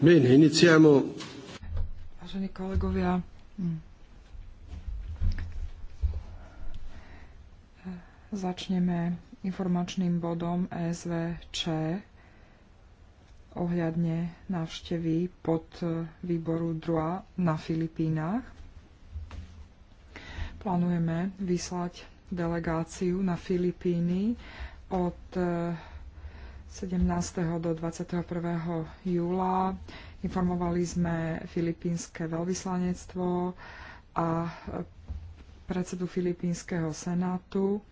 Bene, iniziamo. Vážení kolegovia, hm. začneme informačným bodom SVČ ohľadne návštevy pod výboru DRUA na Filipínach. Plánujeme vyslať delegáciu na Filipíny od 17. do 21. júla. Informovali sme filipínske veľvyslanectvo a predsedu filipínskeho senátu.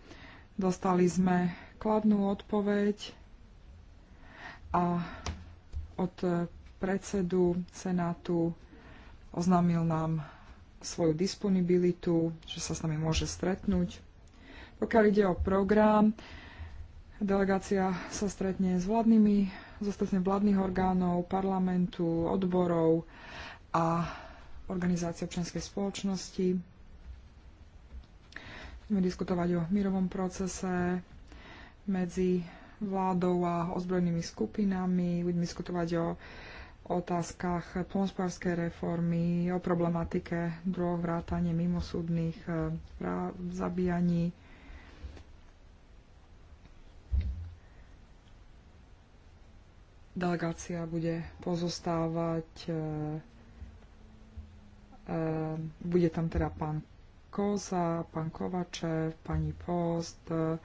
Dostali sme kladnú odpoveď a od predsedu senátu oznámil nám svoju disponibilitu, že sa s nami môže stretnúť. Pokiaľ ide o program, Delegácia sa stretne s vládnymi, zostatne vládnych orgánov, parlamentu, odborov a organizácie občianskej spoločnosti. Budeme diskutovať o mirovom procese medzi vládou a ozbrojenými skupinami. Budeme diskutovať o otázkach pomospárskej reformy, o problematike drog, vrátanie mimosúdnych eh, zabíjaní. Delegácia bude pozostávať, e, e, bude tam teda pán Koza, pán Kovačev, pani Post, e,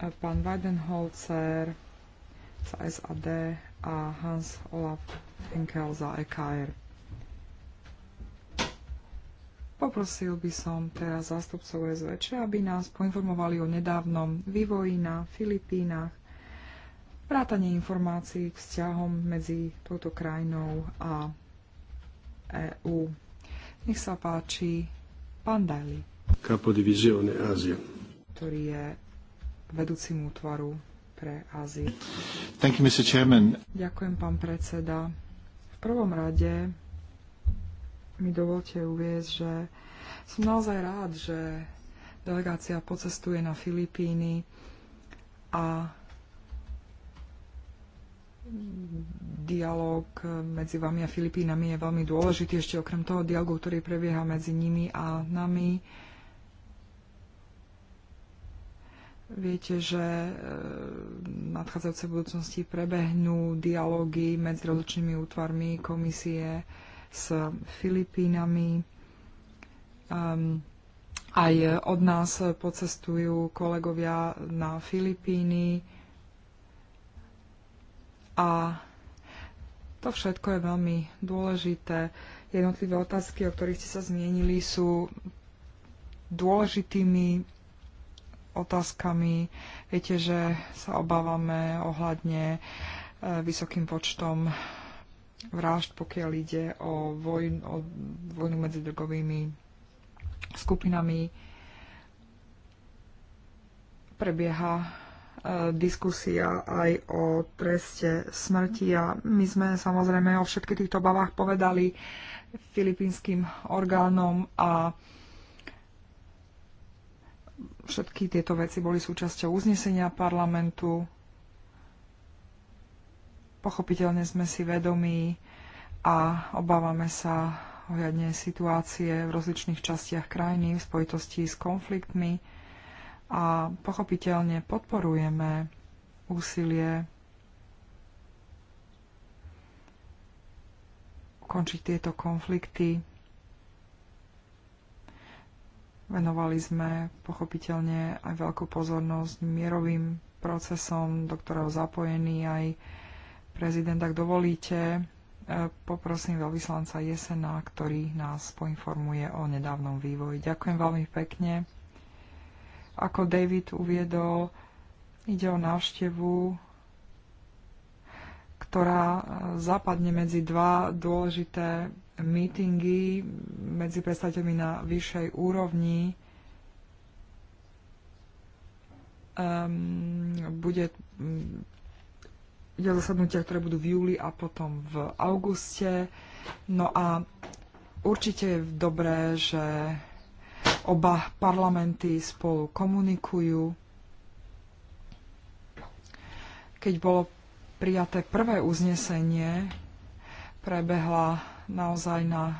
pán Weidenholzer za SAD a Hans Olaf Henkel za EKR. Poprosil by som teraz zástupcov SVČ, aby nás poinformovali o nedávnom vývoji na Filipínach vrátanie informácií k vzťahom medzi touto krajinou a EÚ. Nech sa páči pán Daly, ktorý je vedúcim útvaru pre Áziu. Thank you, Mr. Chairman. Ďakujem, pán predseda. V prvom rade mi dovolte uviezť, že som naozaj rád, že delegácia pocestuje na Filipíny a dialog medzi vami a Filipínami je veľmi dôležitý, ešte okrem toho dialogu, ktorý prebieha medzi nimi a nami. Viete, že eh, v nadchádzajúcej budúcnosti prebehnú dialógy medzi rozličnými útvarmi komisie s Filipínami. Um, aj od nás pocestujú kolegovia na Filipíny a to všetko je veľmi dôležité. Jednotlivé otázky, o ktorých ste sa zmienili, sú dôležitými otázkami. Viete, že sa obávame ohľadne e, vysokým počtom vražd, pokiaľ ide o, vojn, o vojnu medzi drogovými skupinami. Prebieha E, diskusia aj o treste smrti a my sme samozrejme o všetkých týchto bavách povedali filipínskym orgánom a všetky tieto veci boli súčasťou uznesenia parlamentu. Pochopiteľne sme si vedomí a obávame sa ohľadne situácie v rozličných častiach krajiny v spojitosti s konfliktmi a pochopiteľne podporujeme úsilie ukončiť tieto konflikty. Venovali sme pochopiteľne aj veľkú pozornosť mierovým procesom, do ktorého zapojený aj prezident. Ak dovolíte, e, poprosím veľvyslanca Jesena, ktorý nás poinformuje o nedávnom vývoji. Ďakujem veľmi pekne. Ako David uviedol, ide o návštevu, ktorá e, zapadne medzi dva dôležité mítingy medzi predstaviteľmi na vyššej úrovni. Um, bude um, zasadnutia, ktoré budú v júli a potom v auguste. No a určite je dobré, že Oba parlamenty spolu komunikujú. Keď bolo prijaté prvé uznesenie, prebehla naozaj na e,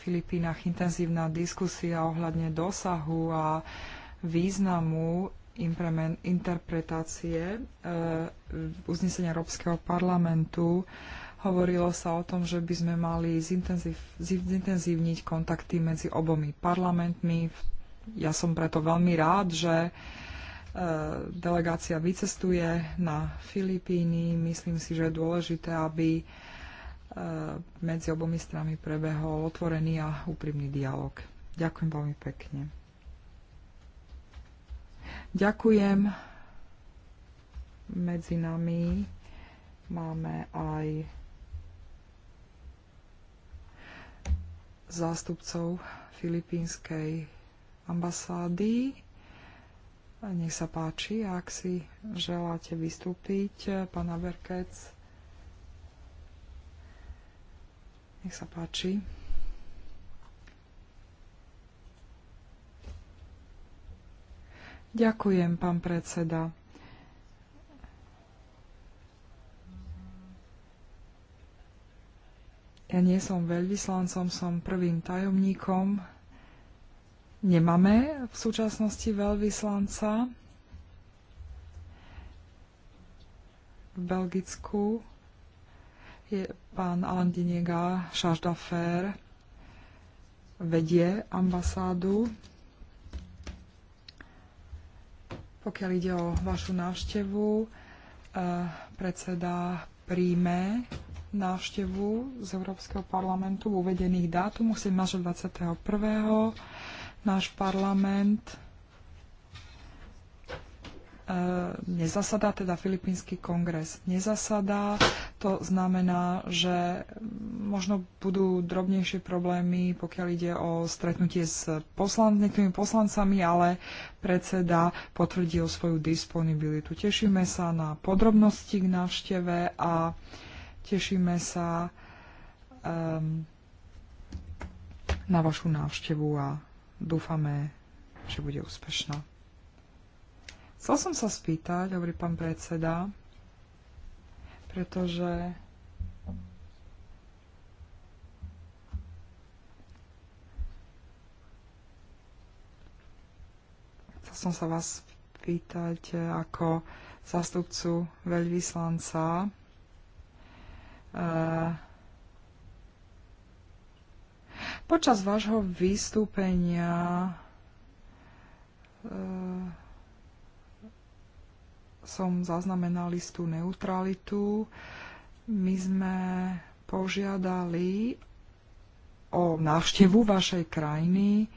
Filipínach intenzívna diskusia ohľadne dosahu a významu interpretácie e, uznesenia Európskeho parlamentu Hovorilo sa o tom, že by sme mali zintenzív, zintenzívniť kontakty medzi obomi parlamentmi. Ja som preto veľmi rád, že e, delegácia vycestuje na Filipíny. Myslím si, že je dôležité, aby e, medzi obomi stranami prebehol otvorený a úprimný dialog. Ďakujem veľmi pekne. Ďakujem. Medzi nami máme aj zástupcov filipínskej ambasády. Nech sa páči, ak si želáte vystúpiť, pána berkec. Nech sa páči. Ďakujem, pán predseda. Ja nie som veľvyslancom, som prvým tajomníkom. Nemáme v súčasnosti veľvyslanca v Belgicku. Je pán Alain Diniega, charge d'affaires, vedie ambasádu. Pokiaľ ide o vašu návštevu, eh, predseda príjme návštevu z Európskeho parlamentu v uvedených dátum 17. 21. Náš parlament e, nezasadá, teda Filipínsky kongres nezasadá. To znamená, že možno budú drobnejšie problémy, pokiaľ ide o stretnutie s poslan- niektorými poslancami, ale predseda potvrdil svoju disponibilitu. Tešíme sa na podrobnosti k návšteve a e, Tešíme sa um, na vašu návštevu a dúfame, že bude úspešná. Chcel som sa spýtať, hovorí pán predseda, pretože chcel som sa vás spýtať eh, ako zástupcu veľvyslanca Počas vášho vystúpenia e, som zaznamenal istú neutralitu. My sme požiadali o návštevu vašej krajiny.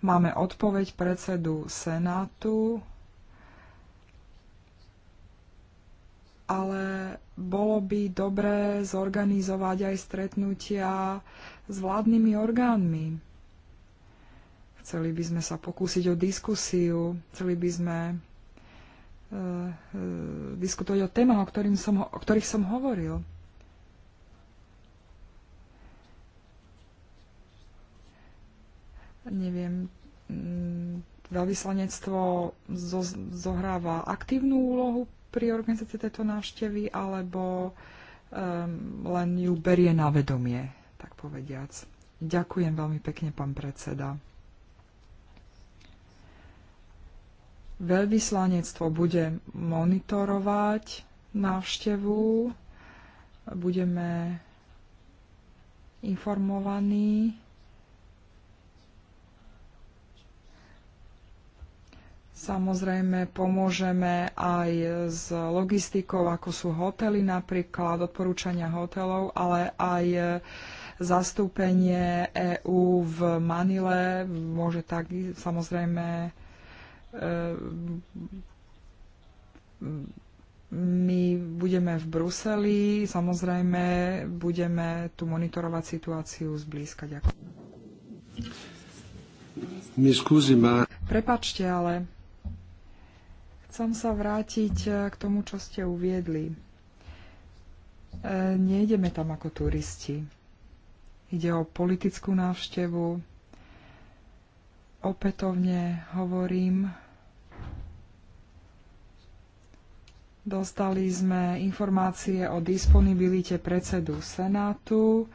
Máme odpoveď predsedu Senátu ale bolo by dobré zorganizovať aj stretnutia s vládnymi orgánmi. Chceli by sme sa pokúsiť o diskusiu, chceli by sme e, e diskutovať o témach, o, ktorým som, o ktorých som hovoril. Neviem, mm, veľvyslanectvo zo, zohráva aktívnu úlohu pri organizácii tejto návštevy, alebo um, len ju berie na vedomie, tak povediac. Ďakujem veľmi pekne, pán predseda. Veľvyslanectvo bude monitorovať návštevu, budeme informovaní Samozrejme pomôžeme aj s logistikou, ako sú hotely napríklad, odporúčania hotelov, ale aj zastúpenie EÚ v Manile môže tak samozrejme e, my budeme v Bruseli, samozrejme budeme tu monitorovať situáciu zblízka. Ďakujem. Prepačte, ale Chcem sa vrátiť e, k tomu, čo ste uviedli. E, nejdeme tam ako turisti. Ide o politickú návštevu. Opätovne hovorím, Dostali sme informácie o disponibilite predsedu Senátu.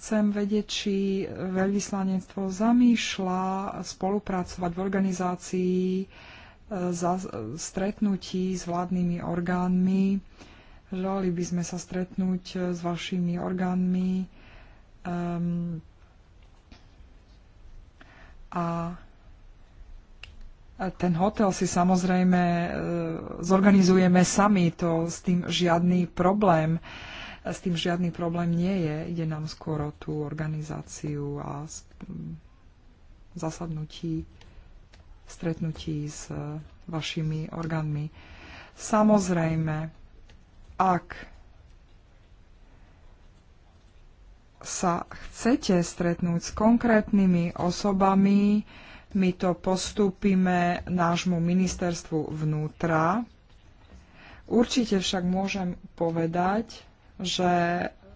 Chcem vedieť, či veľvyslanectvo zamýšľa spolupracovať v organizácii stretnutí s vládnymi orgánmi. Želali by sme sa stretnúť e, s vašimi orgánmi um, a e, ten hotel si samozrejme e, zorganizujeme sami, to s tým žiadny problém. S tým žiadny problém nie je. Ide nám skôr o tú organizáciu a zasadnutí stretnutí s e, vašimi orgánmi. Samozrejme, ak sa chcete stretnúť s konkrétnymi osobami, my to postúpime nášmu ministerstvu vnútra. Určite však môžem povedať, že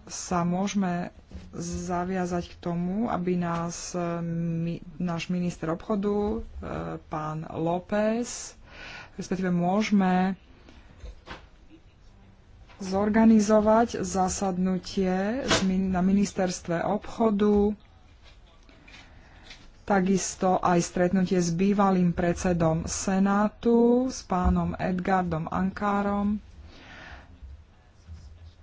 sa môžeme zaviazať k tomu, aby nás mi, náš minister obchodu, e, pán López, respektíve môžeme zorganizovať zasadnutie na ministerstve obchodu, takisto aj stretnutie s bývalým predsedom Senátu, s pánom Edgardom Ankárom,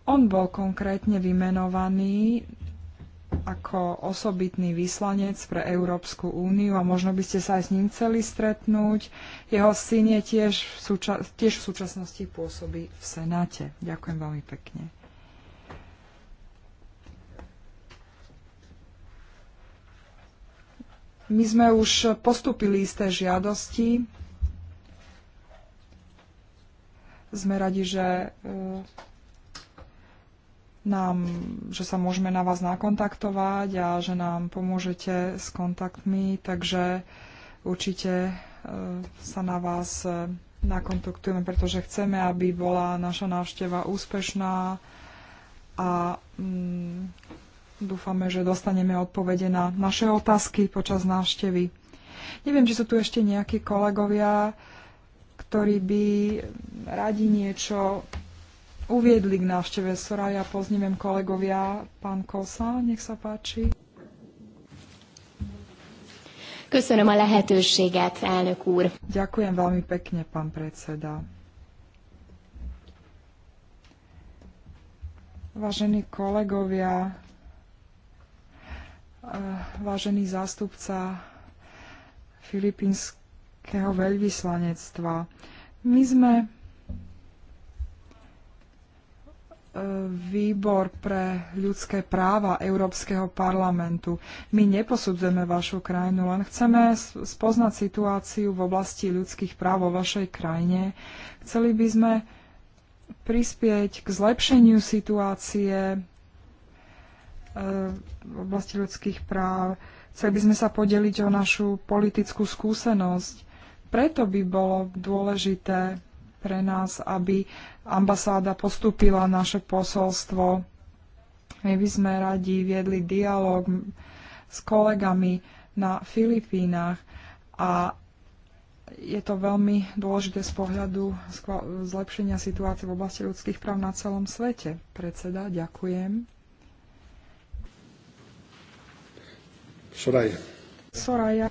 on bol konkrétne vymenovaný ako osobitný vyslanec pre Európsku úniu a možno by ste sa aj s ním chceli stretnúť. Jeho syn je tiež v, súča- tiež v súčasnosti pôsobí v Senáte. Ďakujem veľmi pekne. My sme už postupili isté žiadosti. Sme radi, že e, nám, že sa môžeme na vás nakontaktovať a že nám pomôžete s kontaktmi, takže určite e, sa na vás e, nakontaktujeme, pretože chceme, aby bola naša návšteva úspešná a mm, dúfame, že dostaneme odpovede na naše otázky počas návštevy. Neviem, či sú tu ešte nejakí kolegovia, ktorí by radi niečo uviedli k návšteve Soraya. Pozdravím kolegovia. Pán Kosa, nech sa páči. Köszönöm a lehetőséget, elnök úr. Ďakujem veľmi pekne, pán predseda. Vážení kolegovia, eh, vážený zástupca filipínskeho veľvyslanectva, my sme výbor pre ľudské práva Európskeho parlamentu. My neposudzujeme vašu krajinu, len chceme spoznať situáciu v oblasti ľudských práv vo vašej krajine. Chceli by sme prispieť k zlepšeniu situácie e, v oblasti ľudských práv. Chceli by sme sa podeliť o našu politickú skúsenosť. Preto by bolo dôležité pre nás, aby ambasáda postúpila naše posolstvo. My by sme radi viedli dialog s kolegami na Filipínach a je to veľmi dôležité z pohľadu zlepšenia situácie v oblasti ľudských práv na celom svete. Predseda, ďakujem. Soraya. Soraya.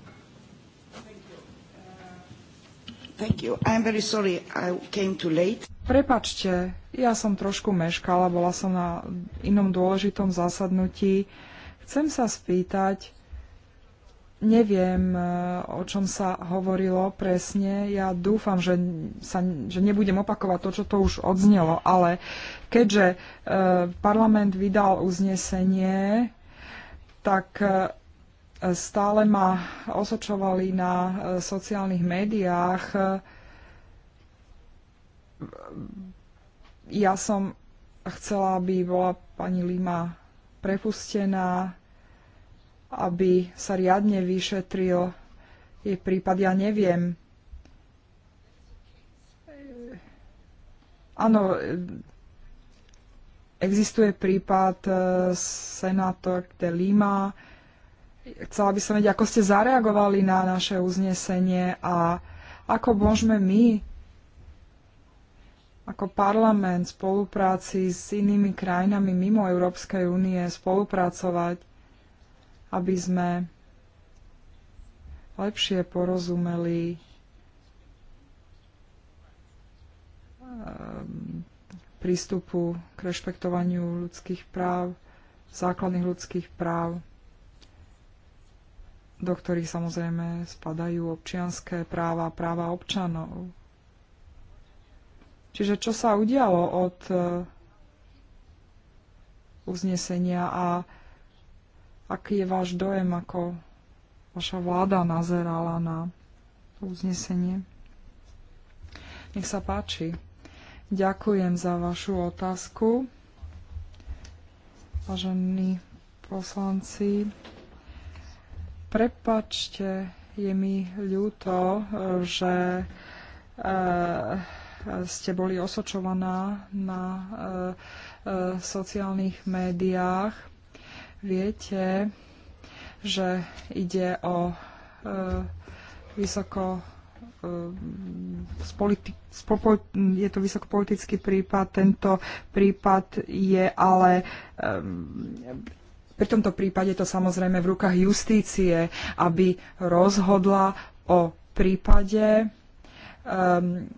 Prepačte, ja som trošku meškala, bola som na inom dôležitom zasadnutí. Chcem sa spýtať, neviem, e, o čom sa hovorilo presne. Ja dúfam, že, sa, že nebudem opakovať to, čo to už odznelo, ale keďže e, parlament vydal uznesenie, tak e, Stále ma osočovali na eh, sociálnych médiách. Ja som chcela, aby bola pani Lima prepustená, aby sa riadne vyšetril jej prípad. Ja neviem. Áno, existuje prípad eh, senátor de Lima, Chcela by som vedieť, ako ste zareagovali na naše uznesenie a ako môžeme my ako parlament v spolupráci s inými krajinami mimo Európskej únie spolupracovať, aby sme lepšie porozumeli ehm, prístupu k rešpektovaniu ľudských práv, základných ľudských práv do ktorých samozrejme spadajú občianské práva, práva občanov. Čiže čo sa udialo od e, uznesenia a aký je váš dojem, ako vaša vláda nazerala na uznesenie? Nech sa páči. Ďakujem za vašu otázku, vážení poslanci. Prepačte, je mi ľúto, že eh, ste boli osočovaná na eh, sociálnych médiách. Viete, že ide o eh, vysoko je to vysokopolitický prípad, tento prípad je ale pri tomto prípade to samozrejme v rukách justície, aby rozhodla o prípade. Um,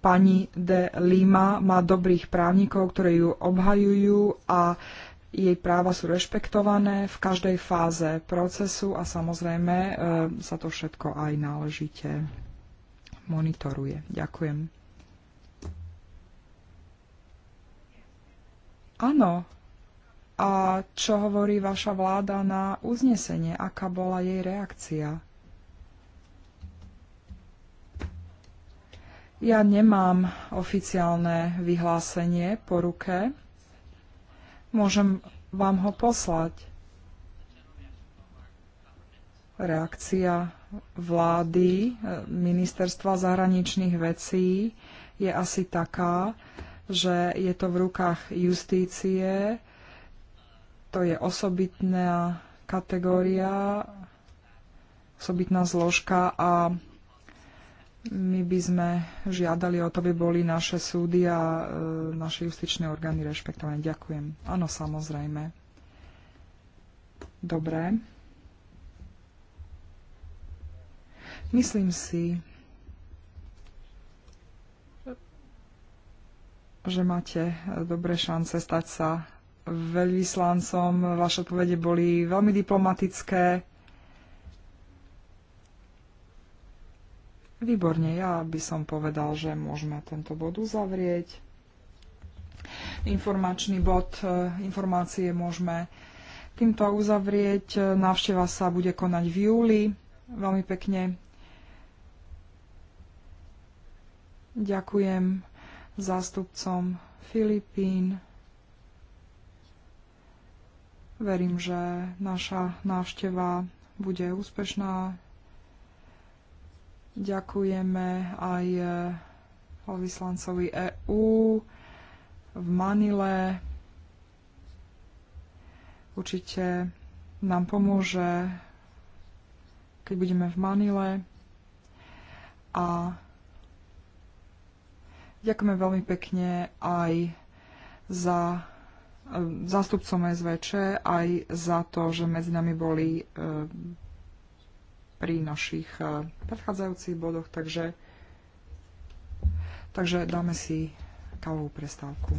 pani de Lima má dobrých právnikov, ktorí ju obhajujú a jej práva sú rešpektované v každej fáze procesu a samozrejme um, sa to všetko aj náležite monitoruje. Ďakujem. Áno, a čo hovorí vaša vláda na uznesenie? Aká bola jej reakcia? Ja nemám oficiálne vyhlásenie po ruke. Môžem vám ho poslať. Reakcia vlády, e, ministerstva zahraničných vecí je asi taká, že je to v rukách justície, to je osobitná kategória, osobitná zložka a my by sme žiadali o to, by boli naše súdy a e, naše justičné orgány rešpektované. Ďakujem. Áno, samozrejme. Dobre. Myslím si, že máte e, dobré šance stať sa veľvyslancom. Vaše odpovede boli veľmi diplomatické. Výborne, ja by som povedal, že môžeme tento bod uzavrieť. Informačný bod, e, informácie môžeme týmto uzavrieť. E, návšteva sa bude konať v júli. Veľmi pekne ďakujem zástupcom Filipín. Verím, že naša návšteva bude úspešná. Ďakujeme aj eh, vyslancovi EÚ v Manile. Určite nám pomôže, keď budeme v Manile. A ďakujeme veľmi pekne aj za zástupcom SVČ aj za to, že medzi nami boli e, pri našich e, predchádzajúcich bodoch, takže, takže dáme si kávovú prestávku.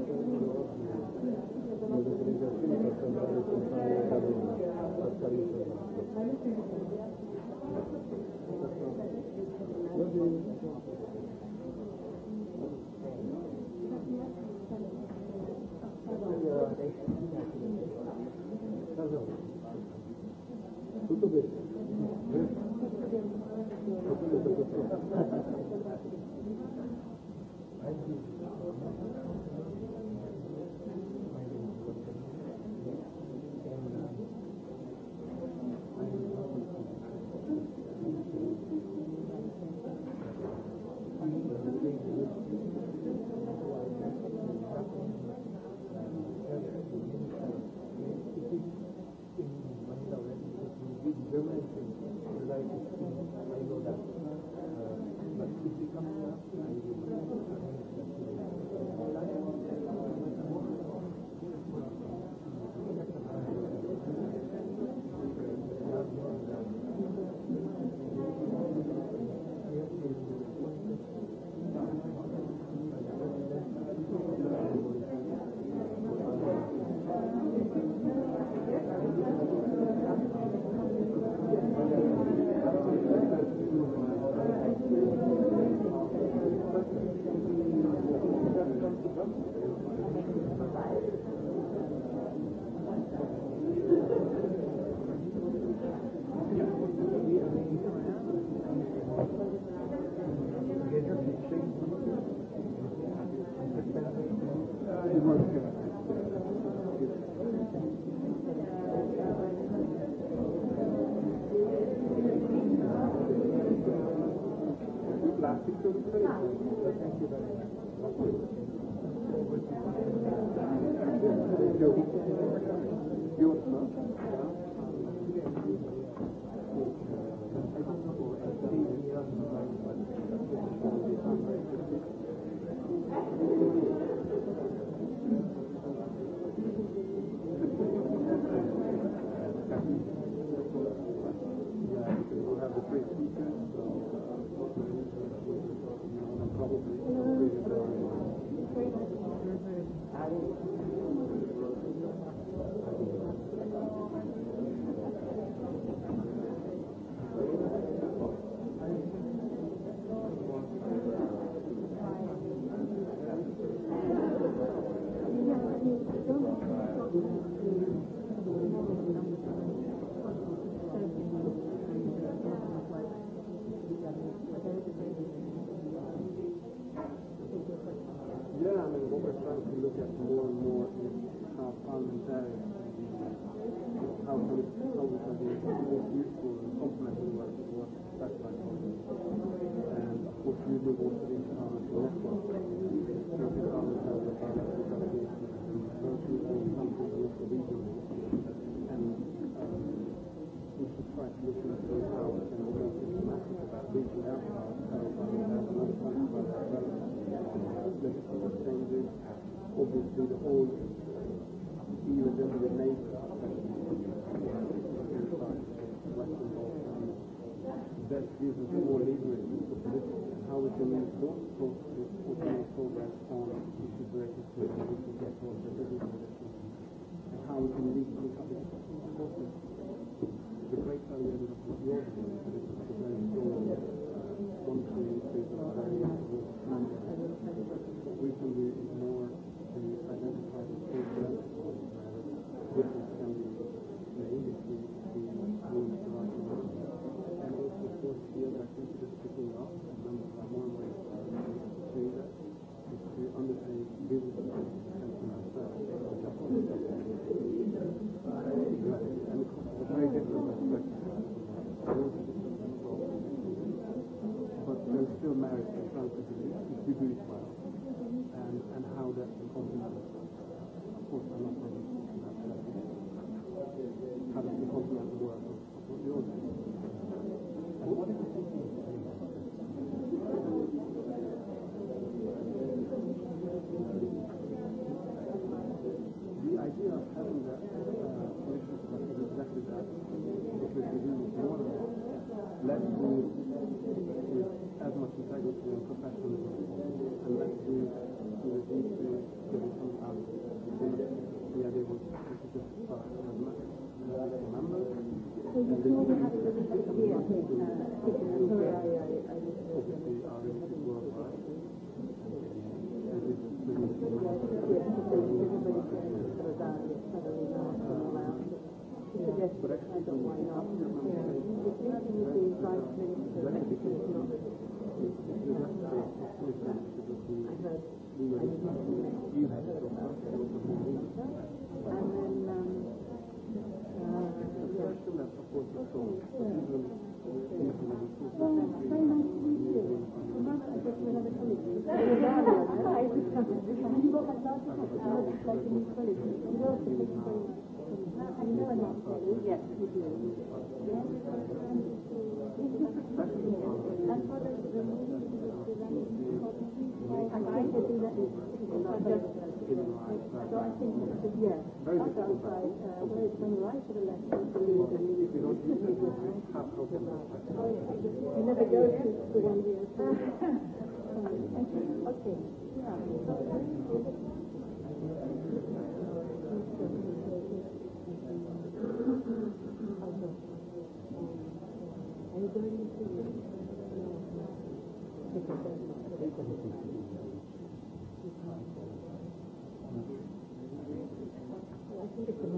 and and how that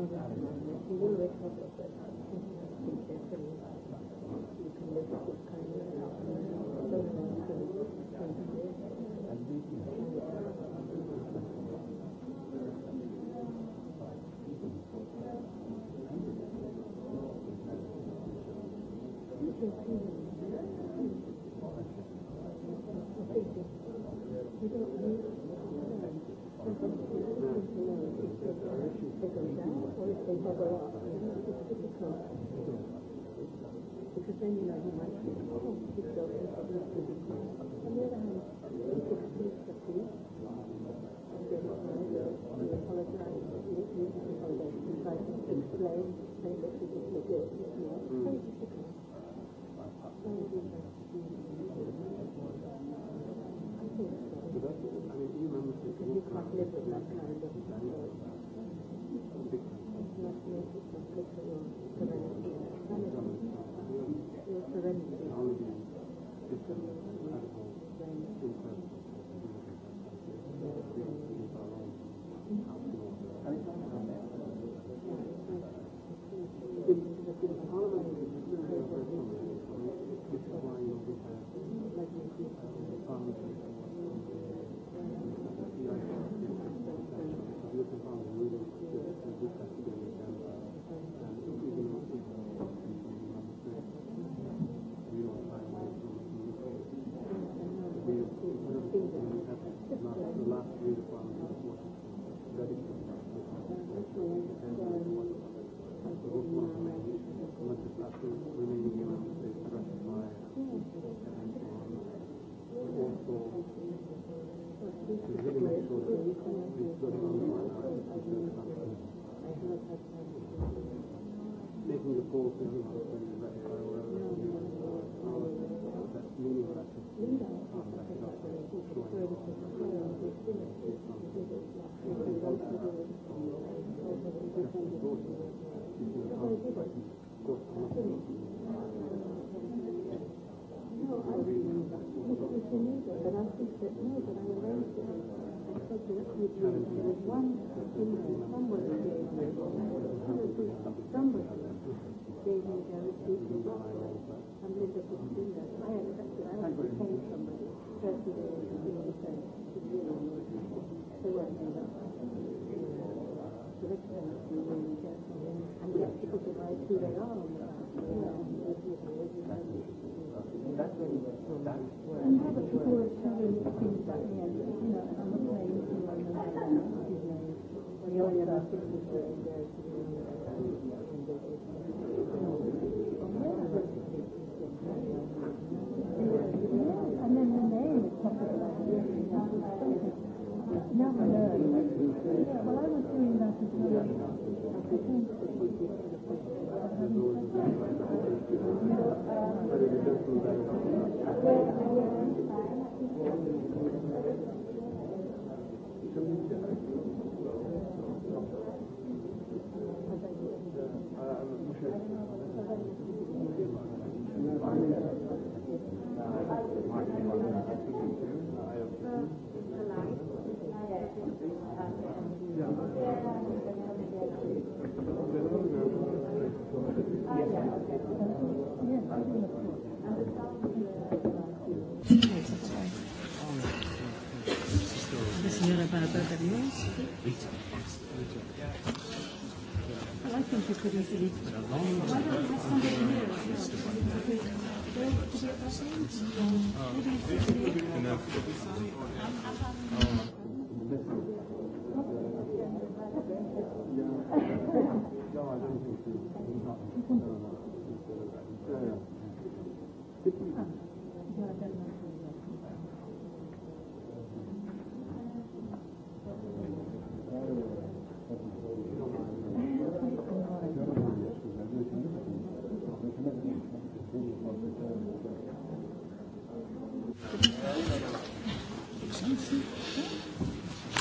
Ursache. Die will weg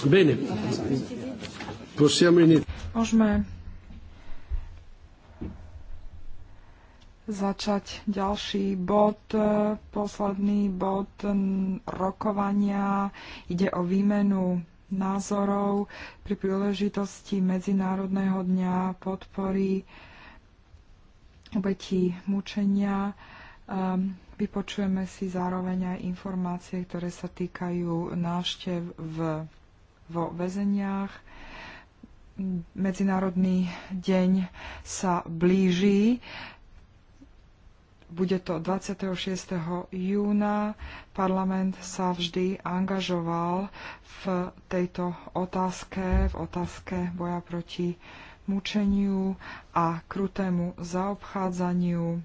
Bene, possiamo iniziare. začať ďalší bod, e, posledný bod rokovania. Ide o výmenu názorov pri príležitosti Medzinárodného dňa podpory obetí mučenia. E, vypočujeme si zároveň aj informácie, ktoré sa týkajú návštev v, vo väzeniach Medzinárodný deň sa blíži. Bude to 26. júna. Parlament sa vždy angažoval v tejto otázke, v otázke boja proti mučeniu a krutému zaobchádzaniu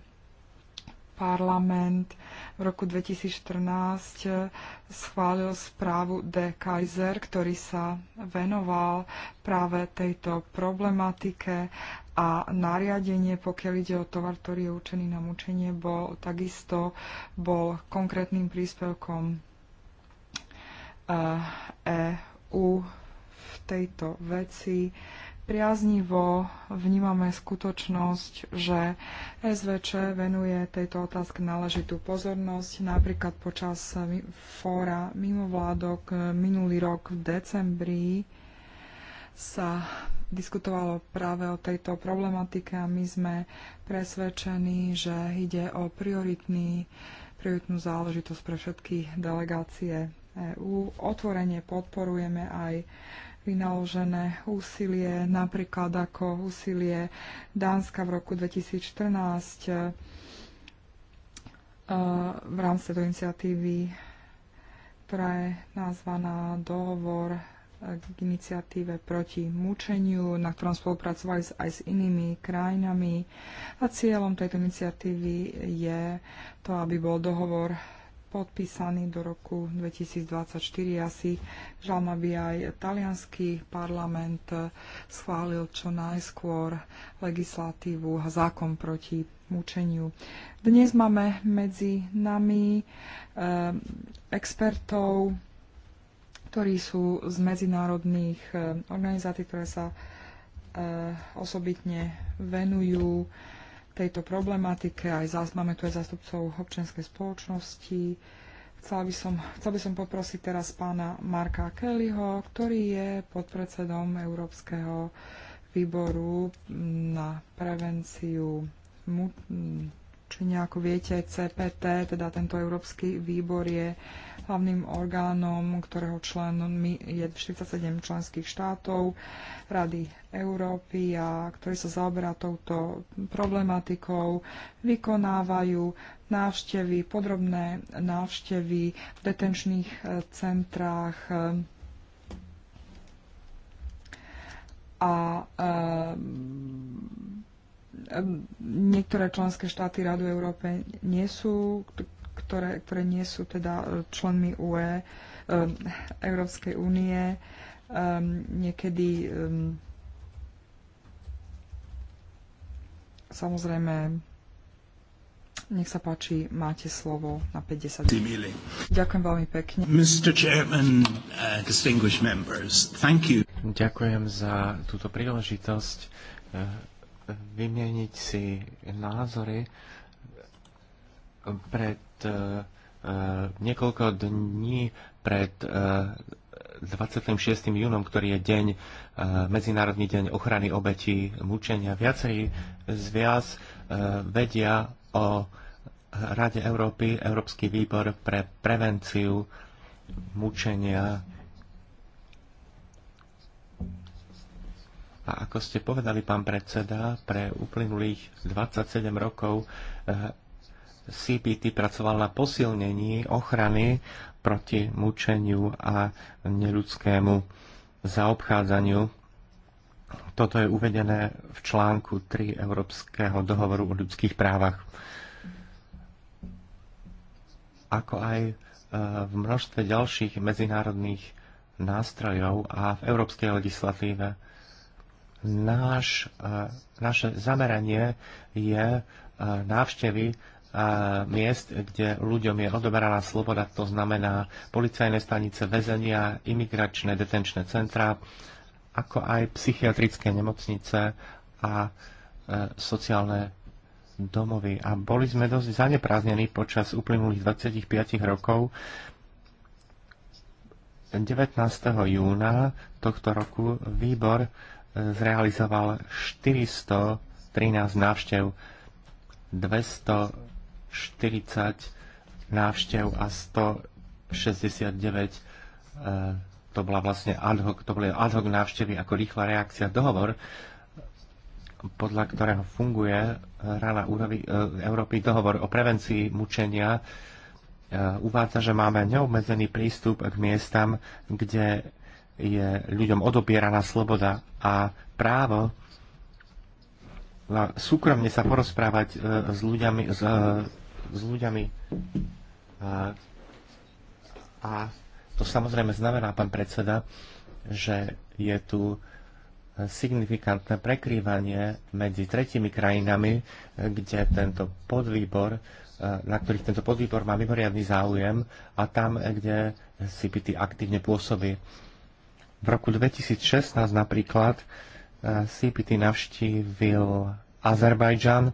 parlament v roku 2014 eh, schválil správu De Kaiser, ktorý sa venoval práve tejto problematike a nariadenie, pokiaľ ide o tovar, ktorý je určený na mučenie, bol takisto bol konkrétnym príspevkom EU eh, e v tejto veci priaznivo vnímame skutočnosť, že SVČ venuje tejto otázke náležitú pozornosť. Napríklad počas fóra mimovládok eh, minulý rok v decembri sa diskutovalo práve o tejto problematike a my sme presvedčení, že ide o prioritný, prioritnú záležitosť pre všetky delegácie EÚ. Otvorenie podporujeme aj vynaložené úsilie, napríklad ako úsilie Dánska v roku 2014 eh, v rámci do iniciatívy je nazvaná dohovor k iniciatíve proti mučeniu, na ktorom spolupracovali aj s inými krajinami. A cieľom tejto iniciatívy je to, aby bol dohovor podpísaný do roku 2024 asi. Žalma by aj talianský parlament schválil čo najskôr legislatívu a zákon proti mučeniu. Dnes máme medzi nami eh, expertov, ktorí sú z medzinárodných eh, organizácií, ktoré sa eh, osobitne venujú eh, tejto problematike. Aj zás, máme tu aj zástupcov občianskej spoločnosti. Chcela by, som, chcela by som poprosiť teraz pána Marka Kellyho, ktorý je podpredsedom Európskeho výboru na prevenciu či nejako viete, CPT, teda tento Európsky výbor je hlavným orgánom, ktorého členmi je 47 členských štátov Rady Európy a ktorý sa zaoberá touto problematikou. Vykonávajú návštevy, podrobné návštevy v detenčných eh, centrách eh, a e, niektoré členské štáty Radu Európe nie sú, ktoré, ktoré nie sú teda e, členmi UE, e, Európskej únie. E, niekedy samozrejme nech sa páči, máte slovo na 50. Ďakujem veľmi pekne. Mr. Chairman, uh, members, thank you. Ďakujem za túto príležitosť uh, vymieniť si názory pred e, e, niekoľko dní pred 26. E, júnom, ktorý je deň, Medzinárodný deň ochrany obetí mučenia. Viacerí z vás vedia o Rade Európy, Európsky výbor pre prevenciu mučenia A ako ste povedali, pán predseda, pre uplynulých 27 rokov eh, CPT pracoval na posilnení ochrany proti mučeniu a neľudskému zaobchádzaniu. Toto je uvedené v článku 3 Európskeho dohovoru o ľudských právach. Ako aj eh, v množstve ďalších medzinárodných nástrojov a v európskej legislatíve náš, naše zameranie je návštevy miest, kde ľuďom je odoberaná sloboda, to znamená policajné stanice, väzenia, imigračné detenčné centrá, ako aj psychiatrické nemocnice a e, sociálne domovy. A boli sme dosť zanepráznení počas uplynulých 25 rokov. 19. júna tohto roku výbor zrealizoval 413 návštev, 240 návštev a 169 eh, to bola vlastne ad hoc, to boli ad hoc návštevy ako rýchla reakcia dohovor, podľa ktorého funguje eh, rána úrovy, eh, Európy dohovor o prevencii mučenia, uvádza, že máme neobmedzený prístup k miestam, kde je ľuďom odopieraná sloboda a právo súkromne sa porozprávať e, s ľuďami, s, e, s ľuďami e, a to samozrejme znamená, pán predseda, že je tu signifikantné prekrývanie medzi tretimi krajinami, kde tento podvýbor, na ktorých tento podvýbor má mimoriadný záujem a tam, kde CPT aktívne pôsobí. V roku 2016 napríklad e, CPT navštívil Azerbajdžan,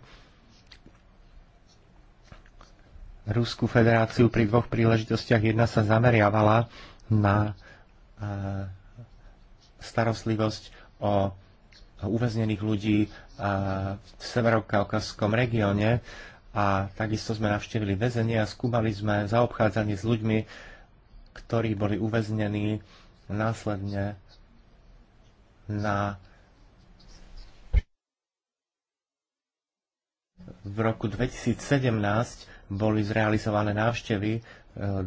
Ruskú federáciu pri dvoch príležitostiach. Jedna sa zameriavala na e, starostlivosť o uväznených ľudí e, v severokaukaskom regióne a takisto sme navštívili väzenie a skúmali sme zaobchádzanie s ľuďmi, ktorí boli uväznení následne na v roku 2017 boli zrealizované návštevy e,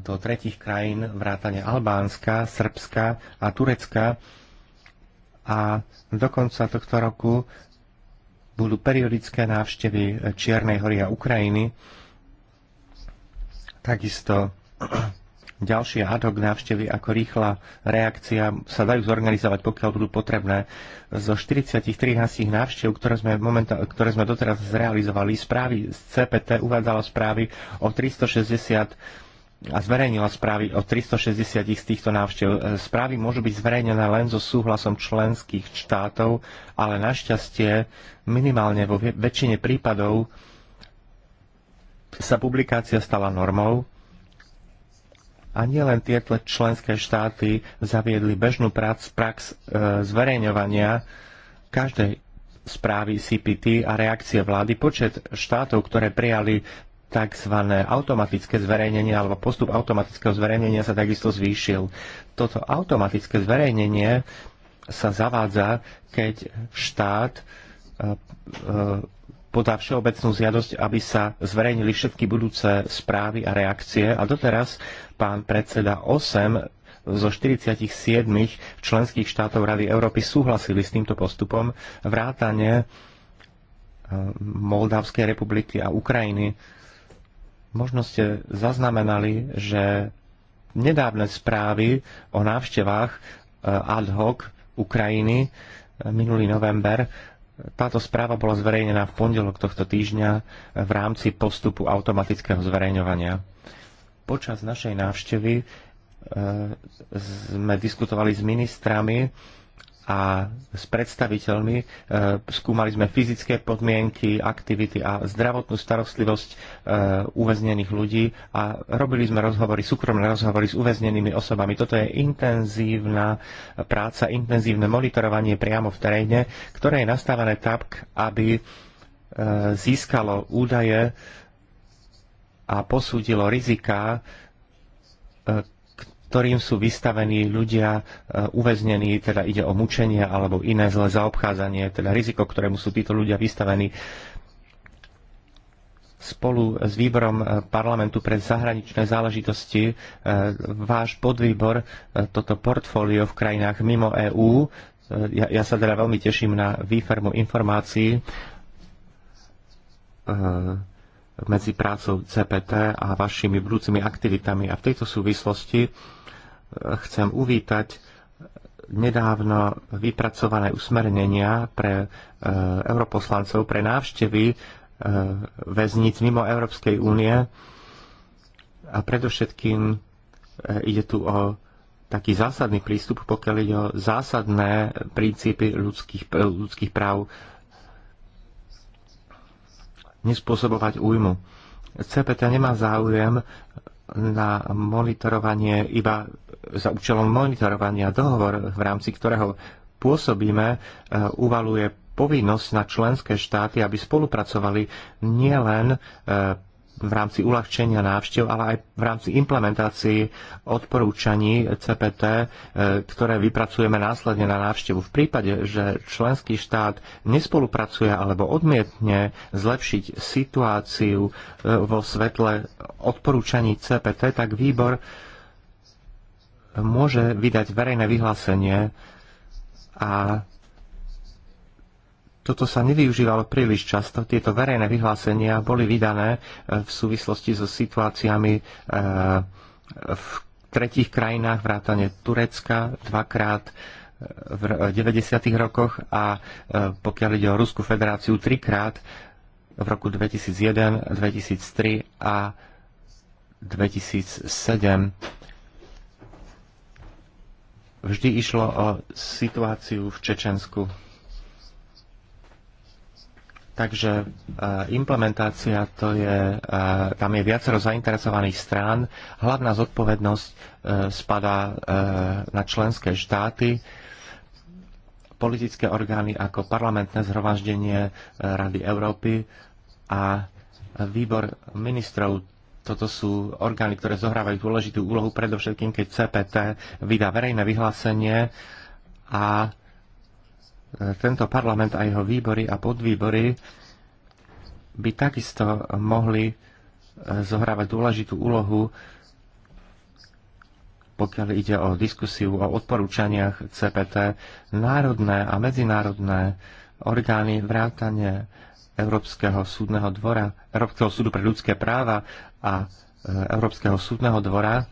do tretich krajín vrátane Albánska, Srbska a Turecka a do konca tohto roku budú periodické návštevy e, Čiernej hory a Ukrajiny. Takisto ďalšie ad hoc návštevy ako rýchla reakcia sa dajú zorganizovať, pokiaľ budú potrebné. Zo 43 hasých návštev, ktoré sme, momentá- ktoré sme doteraz zrealizovali, správy z CPT uvádzala správy o 360 a zverejnila správy o 360 z týchto návštev. E, správy môžu byť zverejnené len so súhlasom členských štátov, ale našťastie minimálne vo väčšine prípadov sa publikácia stala normou a nielen tieto členské štáty zaviedli bežnú prax, prax e, zverejňovania každej správy CPT a reakcie vlády. Počet štátov, ktoré prijali tzv. automatické zverejnenie alebo postup automatického zverejnenia sa takisto zvýšil. Toto automatické zverejnenie sa zavádza, keď štát e, e, podá všeobecnú žiadosť, aby sa zverejnili všetky budúce správy a reakcie a doteraz pán predseda, 8 zo 47 členských štátov Rady Európy súhlasili s týmto postupom vrátane e, Moldavskej republiky a Ukrajiny. Možno ste zaznamenali, že nedávne správy o návštevách e, ad hoc Ukrajiny e, minulý november táto správa bola zverejnená v pondelok tohto týždňa v rámci postupu automatického zverejňovania. Počas našej návštevy e, sme diskutovali s ministrami a s predstaviteľmi. E, skúmali sme fyzické podmienky, aktivity a zdravotnú starostlivosť e, uväznených ľudí a robili sme rozhovory, súkromné rozhovory s uväznenými osobami. Toto je intenzívna práca, intenzívne monitorovanie priamo v teréne, ktoré je nastavené tak, aby získalo údaje a posúdilo rizika, e, ktorým sú vystavení ľudia e, uväznení, teda ide o mučenie alebo iné zlé zaobchádzanie, teda riziko, ktorému sú títo ľudia vystavení. Spolu s výborom e, parlamentu pre zahraničné záležitosti váš podvýbor toto portfólio v krajinách mimo EÚ, ja, ja sa teda veľmi teším na výfermu informácií, medzi prácou CPT a vašimi budúcimi aktivitami. A v tejto súvislosti e, chcem uvítať nedávno vypracované usmernenia pre e, europoslancov pre návštevy e, väzníc mimo Európskej únie. A predovšetkým ide tu o taký zásadný prístup, pokiaľ ide o zásadné princípy ľudských, ľudských práv nespôsobovať újmu. CPT nemá záujem na monitorovanie iba za účelom monitorovania dohovor, v rámci ktorého pôsobíme, e, uvaluje povinnosť na členské štáty, aby spolupracovali nielen e, v rámci uľahčenia návštev, ale aj v rámci implementácií odporúčaní CPT, e, ktoré vypracujeme následne na návštevu. V prípade, že členský štát nespolupracuje alebo odmietne zlepšiť situáciu e, vo svetle odporúčaní CPT, tak výbor môže vydať verejné vyhlásenie a toto sa nevyužívalo príliš často. Tieto verejné vyhlásenia boli vydané e, v súvislosti so situáciami e, v tretích krajinách, vrátane Turecka dvakrát e, v 90. rokoch a pokiaľ ide o Rusku federáciu trikrát v roku 2001, 2003 a 2007 vždy išlo o situáciu v Čečensku. Takže e, implementácia, to je, e, tam je viacero zainteresovaných strán. Hlavná zodpovednosť e, spadá na členské štáty, politické orgány ako parlamentné zhromaždenie Rady Európy a výbor ministrov. Toto sú orgány, ktoré zohrávajú dôležitú úlohu, predovšetkým keď CPT vydá verejné vyhlásenie a tento parlament a jeho výbory a podvýbory by takisto mohli e, zohrávať dôležitú úlohu, pokiaľ ide o diskusiu o odporúčaniach CPT, národné a medzinárodné orgány vrátane Európskeho súdneho dvora, Európskeho súdu pre ľudské práva a e, Európskeho súdneho dvora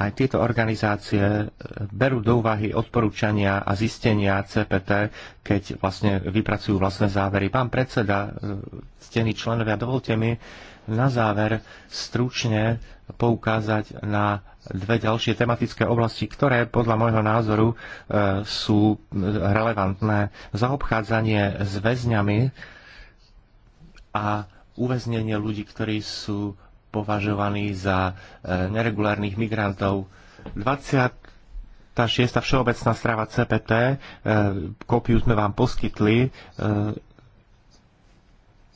aj tieto organizácie eh, berú do úvahy odporúčania a zistenia CPT, keď vlastne vypracujú vlastné závery. Pán predseda, stení eh, členovia, dovolte mi na záver stručne poukázať na dve ďalšie tematické oblasti, ktoré podľa môjho názoru eh, sú relevantné. Zaobchádzanie s väzňami a uväznenie ľudí, ktorí sú považovaní za e, neregulárnych migrantov. 20 tá šiesta všeobecná strava CPT, e, kópiu sme vám poskytli e,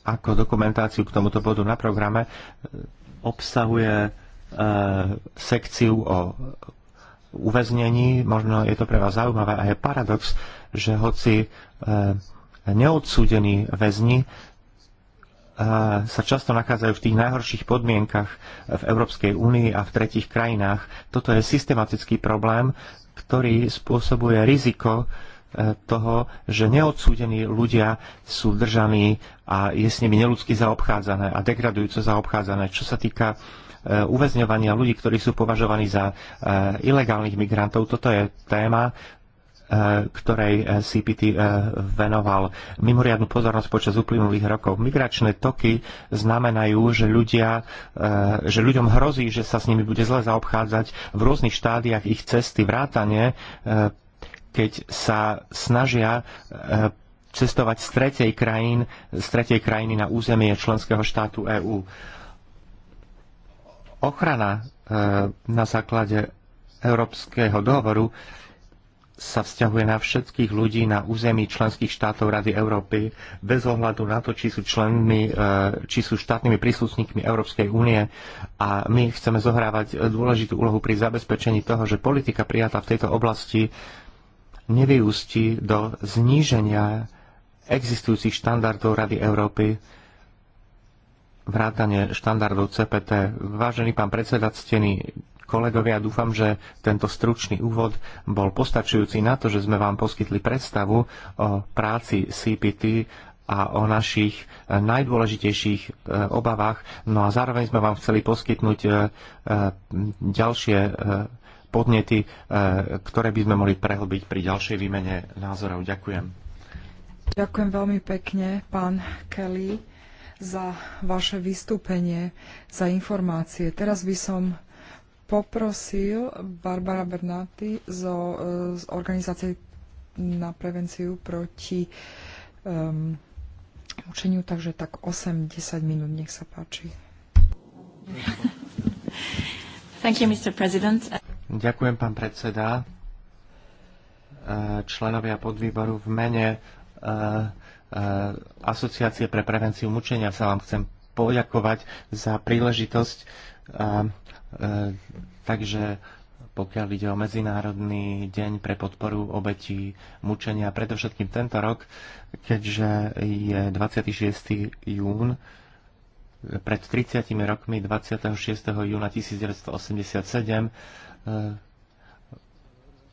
ako dokumentáciu k tomuto bodu na programe, e, obsahuje e, sekciu o uväznení, možno je to pre vás zaujímavé a je paradox, že hoci e, neodsúdení väzni sa často nachádzajú v tých najhorších podmienkach v Európskej únii a v tretich krajinách. Toto je systematický problém, ktorý spôsobuje riziko e, toho, že neodsúdení ľudia sú držaní a je s nimi neludsky zaobchádzané a degradujúco zaobchádzané. Čo sa týka e, uväzňovania ľudí, ktorí sú považovaní za e, ilegálnych migrantov, toto je téma, Eh, ktorej eh, CPT eh, venoval mimoriadnu pozornosť počas uplynulých rokov. Migračné toky znamenajú, že, ľudia, že ľuďom hrozí, že sa s nimi bude zle zaobchádzať v rôznych štádiách ich cesty vrátane, keď sa snažia cestovať z tretej, krajín, z tretej krajiny na územie členského štátu EÚ. Ochrana na základe Európskeho dohovoru sa vzťahuje na všetkých ľudí na území členských štátov Rady Európy bez ohľadu na to, či sú členmi, e, či sú štátnymi príslušníkmi Európskej únie a my chceme zohrávať dôležitú úlohu pri zabezpečení toho, že politika prijatá v tejto oblasti nevyústi do zníženia existujúcich štandardov Rady Európy vrátane štandardov CPT. Vážený pán predseda, ctený Kolegovia, dúfam, že tento stručný úvod bol postačujúci na to, že sme vám poskytli predstavu o práci CPT a o našich najdôležitejších e, obavách. No a zároveň sme vám chceli poskytnúť e, e, ďalšie podnety, ktoré by sme mohli prehlbiť pri ďalšej výmene názorov. Ďakujem. Ďakujem veľmi pekne, pán Kelly, za vaše vystúpenie, za informácie. Teraz by som poprosil Barbara Bernati zo, e, z organizácie na prevenciu proti um, učeniu, takže tak 8-10 minút, nech sa páči. Thank you, Mr. President. Ďakujem, pán predseda. E, členovia podvýboru v mene e, Asociácie pre prevenciu mučenia sa vám chcem poďakovať za príležitosť E, takže pokiaľ ide o Medzinárodný deň pre podporu obetí mučenia, predovšetkým tento rok, keďže je 26. jún, pred 30 rokmi 26. júna 1987 e,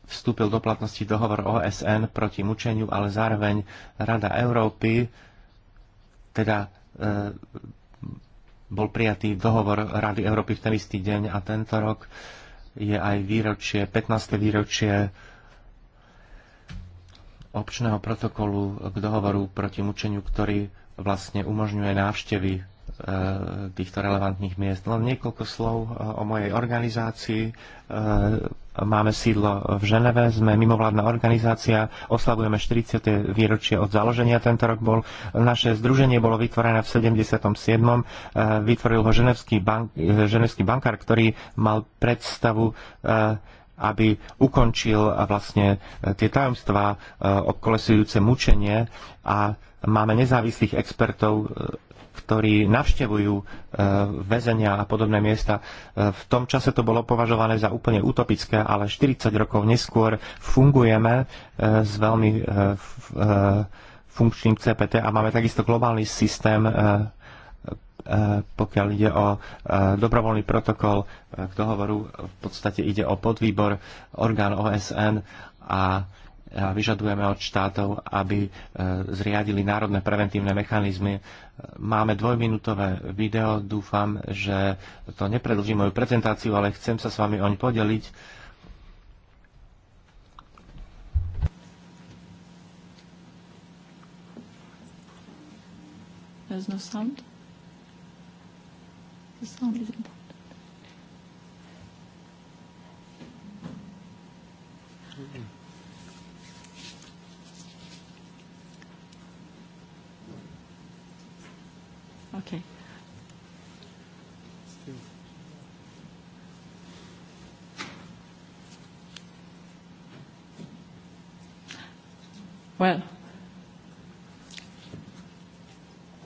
vstúpil do platnosti dohovor OSN proti mučeniu, ale zároveň Rada Európy teda e, bol prijatý dohovor Rady Európy v ten istý deň a tento rok je aj výročie, 15. výročie občného protokolu k dohovoru proti mučeniu, ktorý vlastne umožňuje návštevy E, týchto relevantných miest. Len niekoľko slov e, o mojej organizácii. E, máme sídlo v Ženeve, sme mimovládna organizácia, oslavujeme 40. výročie od založenia. Tento rok bol naše združenie bolo vytvorené v 77. Vytvoril ho ženevský, bank, ženevský bankár, ktorý mal predstavu aby ukončil vlastne tie tajomstvá obkolesujúce mučenie a máme nezávislých expertov ktorí navštevujú e, väzenia a podobné miesta. E, v tom čase to bolo považované za úplne utopické, ale 40 rokov neskôr fungujeme e, s veľmi funkčným CPT a máme takisto globálny systém pokiaľ ide o dobrovoľný protokol k dohovoru, v podstate ide o podvýbor orgán OSN a a vyžadujeme od štátov, aby e, zriadili národné preventívne mechanizmy. Máme dvojminútové video, dúfam, že to nepredlží moju prezentáciu, ale chcem sa s vami oň podeliť. There's no sound. The sound is important. Mm-hmm. Okay. Well,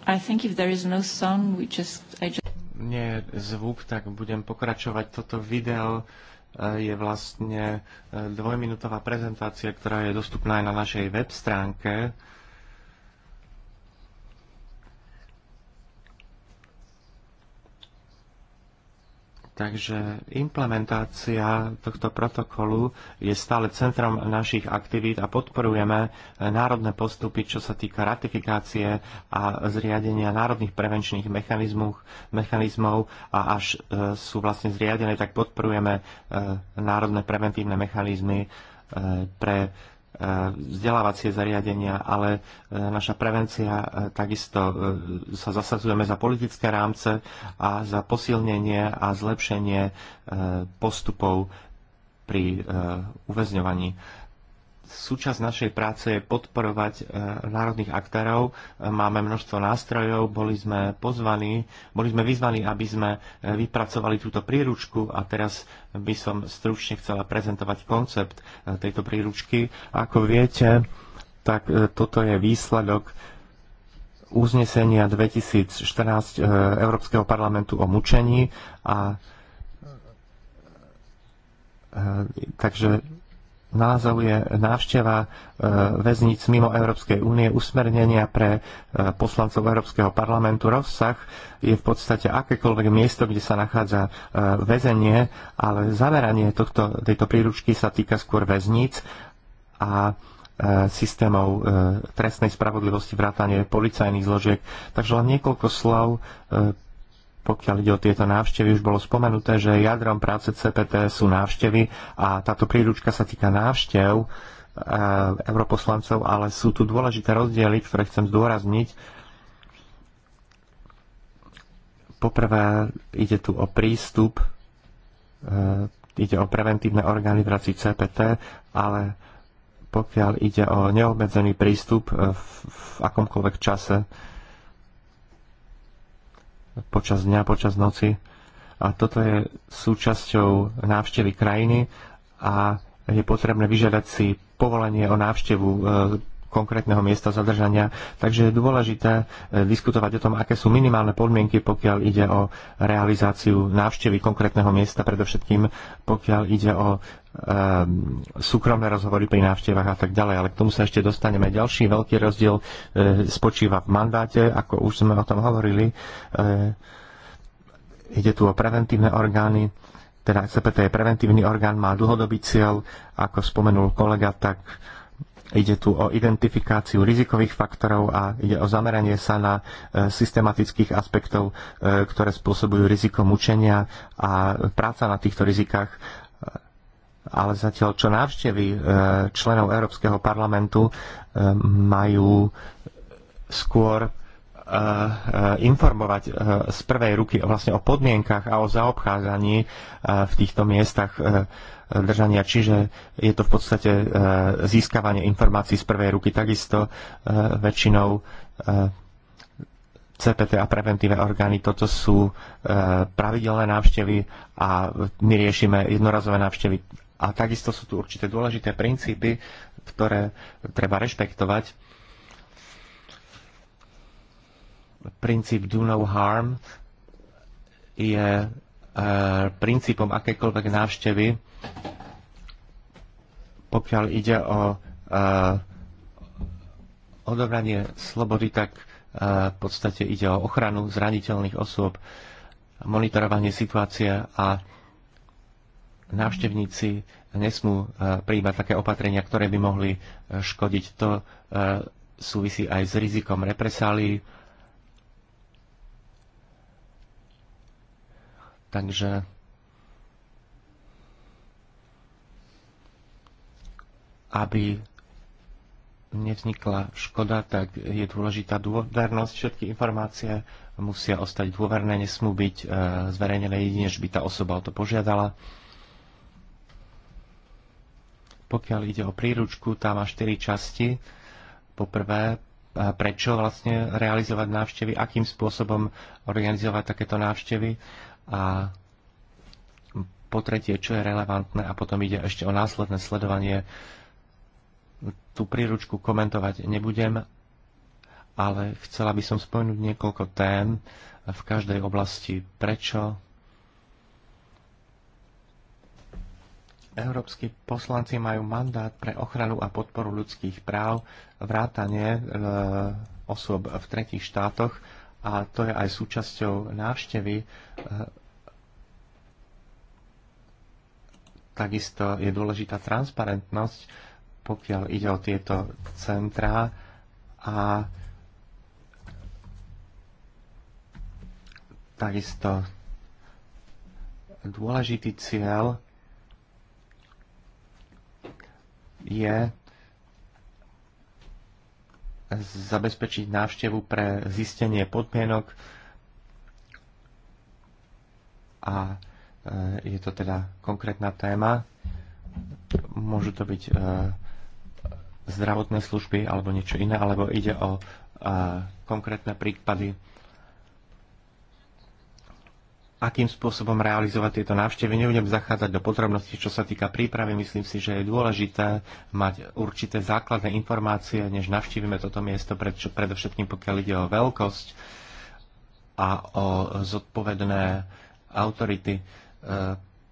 I think if there is no sound, we just, I just... Nie je zvuk, tak budem pokračovať. Toto video e, je vlastne e, dvojminútová prezentácia, ktorá je dostupná aj na našej web stránke. Takže implementácia tohto protokolu je stále centrom našich aktivít a podporujeme národné postupy, čo sa týka ratifikácie a zriadenia národných prevenčných mechanizmov a až e, sú vlastne zriadené, tak podporujeme e, národné preventívne mechanizmy e, pre vzdelávacie zariadenia, ale e, naša prevencia e, takisto e, sa zasadzujeme za politické rámce a za posilnenie a zlepšenie postupov pri uväzňovaní súčasť našej práce je podporovať e, národných aktérov. E, máme množstvo nástrojov, boli sme pozvaní, boli sme vyzvaní, aby sme e, vypracovali túto príručku a teraz by som stručne chcela prezentovať koncept tejto príručky. Ako viete, tak toto je výsledok uznesenia 2014 Európskeho parlamentu o mučení a takže názov je návšteva e, väzníc mimo Európskej únie, usmernenia pre e, poslancov Európskeho parlamentu. Rozsah je v podstate akékoľvek miesto, kde sa nachádza e, väzenie, ale zameranie tohto, tejto príručky sa týka skôr väzníc a systémov trestnej spravodlivosti, vrátanie policajných zložiek. Takže len niekoľko slov pokiaľ ide o tieto návštevy, už bolo spomenuté, že jadrom práce CPT sú návštevy a táto príručka sa týka návštev e, europoslancov, ale sú tu dôležité rozdiely, ktoré chcem zdôrazniť. Poprvé ide tu o prístup, e, ide o preventívne orgány v rámci CPT, ale pokiaľ ide o neobmedzený prístup e, v akomkoľvek čase, počas dňa, počas noci. A toto je súčasťou návštevy krajiny a je potrebné vyžiadať si povolenie o návštevu e, konkrétneho miesta zadržania. Takže je dôležité e, diskutovať o tom, aké sú minimálne podmienky, pokiaľ ide o realizáciu návštevy konkrétneho miesta, predovšetkým pokiaľ ide o e, súkromné rozhovory pri návštevách a tak ďalej, ale k tomu sa ešte dostaneme. Ďalší veľký rozdiel e, spočíva v mandáte, ako už sme o tom hovorili. Ide tu o preventívne orgány, teda CPT je preventívny orgán, má dlhodobý cieľ, ako spomenul kolega, tak Ide tu o identifikáciu rizikových faktorov a ide o zameranie sa na e, systematických aspektov, e, ktoré spôsobujú riziko mučenia a práca na týchto rizikách. Ale zatiaľ, čo návštevy e, členov Európskeho parlamentu majú skôr informovať z prvej ruky vlastne o podmienkach a o zaobchádzaní v týchto miestach držania, čiže je to v podstate e, získavanie informácií z prvej ruky takisto e, väčšinou e, CPT a preventívne orgány, toto sú pravidelné návštevy a my riešime jednorazové návštevy. A takisto sú tu určité dôležité princípy, ktoré treba rešpektovať. Princíp do no harm je E, princípom akékoľvek návštevy, pokiaľ ide o e, odobranie slobody, tak e, v podstate ide o ochranu zraniteľných osôb, monitorovanie situácie a návštevníci nesmú prijímať také opatrenia, ktoré by mohli škodiť. To súvisí aj s rizikom represálií Takže aby nevznikla škoda, tak je dôležitá dôvernosť. Všetky informácie musia ostať dôverné, nesmú byť e, zverejnené jedine, že by tá osoba o to požiadala. Pokiaľ ide o príručku, tá má 4 časti. Poprvé, e, prečo vlastne realizovať návštevy, akým spôsobom organizovať takéto návštevy a po tretie, čo je relevantné a potom ide ešte o následné sledovanie. Tú príručku komentovať nebudem, ale chcela by som spomenúť niekoľko tém v každej oblasti. Prečo? Európsky poslanci majú mandát pre ochranu a podporu ľudských práv, vrátanie e, osôb v tretich štátoch a to je aj súčasťou návštevy. Eh, takisto je dôležitá transparentnosť, pokiaľ ide o tieto centrá a takisto dôležitý cieľ je zabezpečiť návštevu pre zistenie podmienok a e, je to teda konkrétna téma. Môžu to byť e, zdravotné služby alebo niečo iné, alebo ide o e, konkrétne prípady akým spôsobom realizovať tieto návštevy. Nebudem zachádzať do podrobností, čo sa týka prípravy. Myslím si, že je dôležité mať určité základné informácie, než navštívime toto miesto, predovšetkým pokiaľ ide o veľkosť a o zodpovedné autority. E,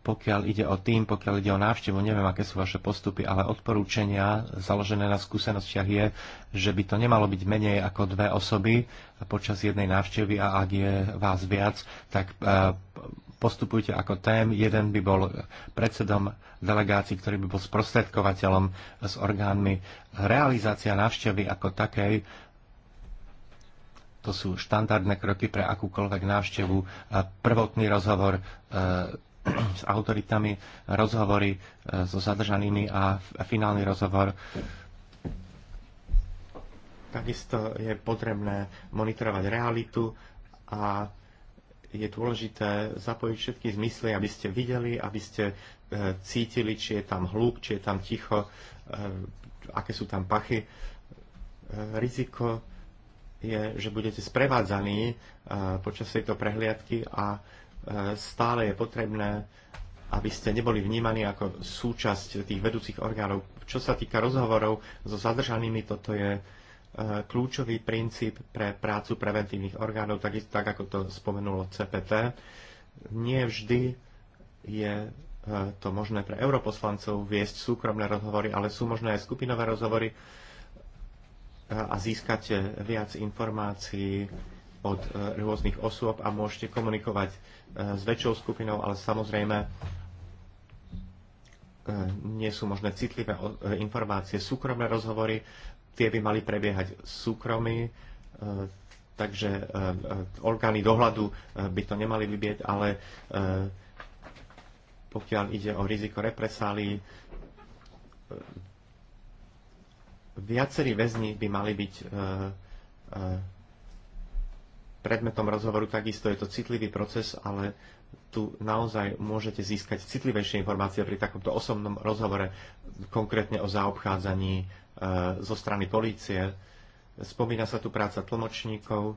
pokiaľ ide o tým, pokiaľ ide o návštevu, neviem, aké sú vaše postupy, ale odporúčania založené na skúsenostiach je, že by to nemalo byť menej ako dve osoby počas jednej návštevy a ak je vás viac, tak e, postupujte ako tém. Jeden by bol predsedom delegácií, ktorý by bol sprostredkovateľom s orgánmi. Realizácia návštevy ako takej to sú štandardné kroky pre akúkoľvek návštevu. Prvotný rozhovor e, s autoritami, rozhovory e, so zadržanými a finálny rozhovor. Takisto je potrebné monitorovať realitu a je dôležité zapojiť všetky zmysly, aby ste videli, aby ste e, cítili, či je tam hlúk, či je tam ticho, e, aké sú tam pachy. Riziko je, že budete sprevádzaní počas tejto prehliadky a stále je potrebné, aby ste neboli vnímaní ako súčasť tých vedúcich orgánov. Čo sa týka rozhovorov so zadržanými, toto je e, kľúčový princíp pre prácu preventívnych orgánov, tak, tak, ako to spomenulo CPT. Nie vždy je e, to možné pre europoslancov viesť súkromné rozhovory, ale sú možné aj skupinové rozhovory e, a získate viac informácií od e, rôznych osôb a môžete komunikovať e, s väčšou skupinou, ale samozrejme e, nie sú možné citlivé informácie, súkromné rozhovory, tie by mali prebiehať súkromí, takže orgány dohľadu by to nemali vybieť, ale pokiaľ ide o riziko represálií, viacerí väzni by mali byť predmetom rozhovoru, takisto je to citlivý proces, ale tu naozaj môžete získať citlivejšie informácie pri takomto osobnom rozhovore, konkrétne o zaobchádzaní e, zo strany polície. Spomína sa tu práca tlmočníkov, e,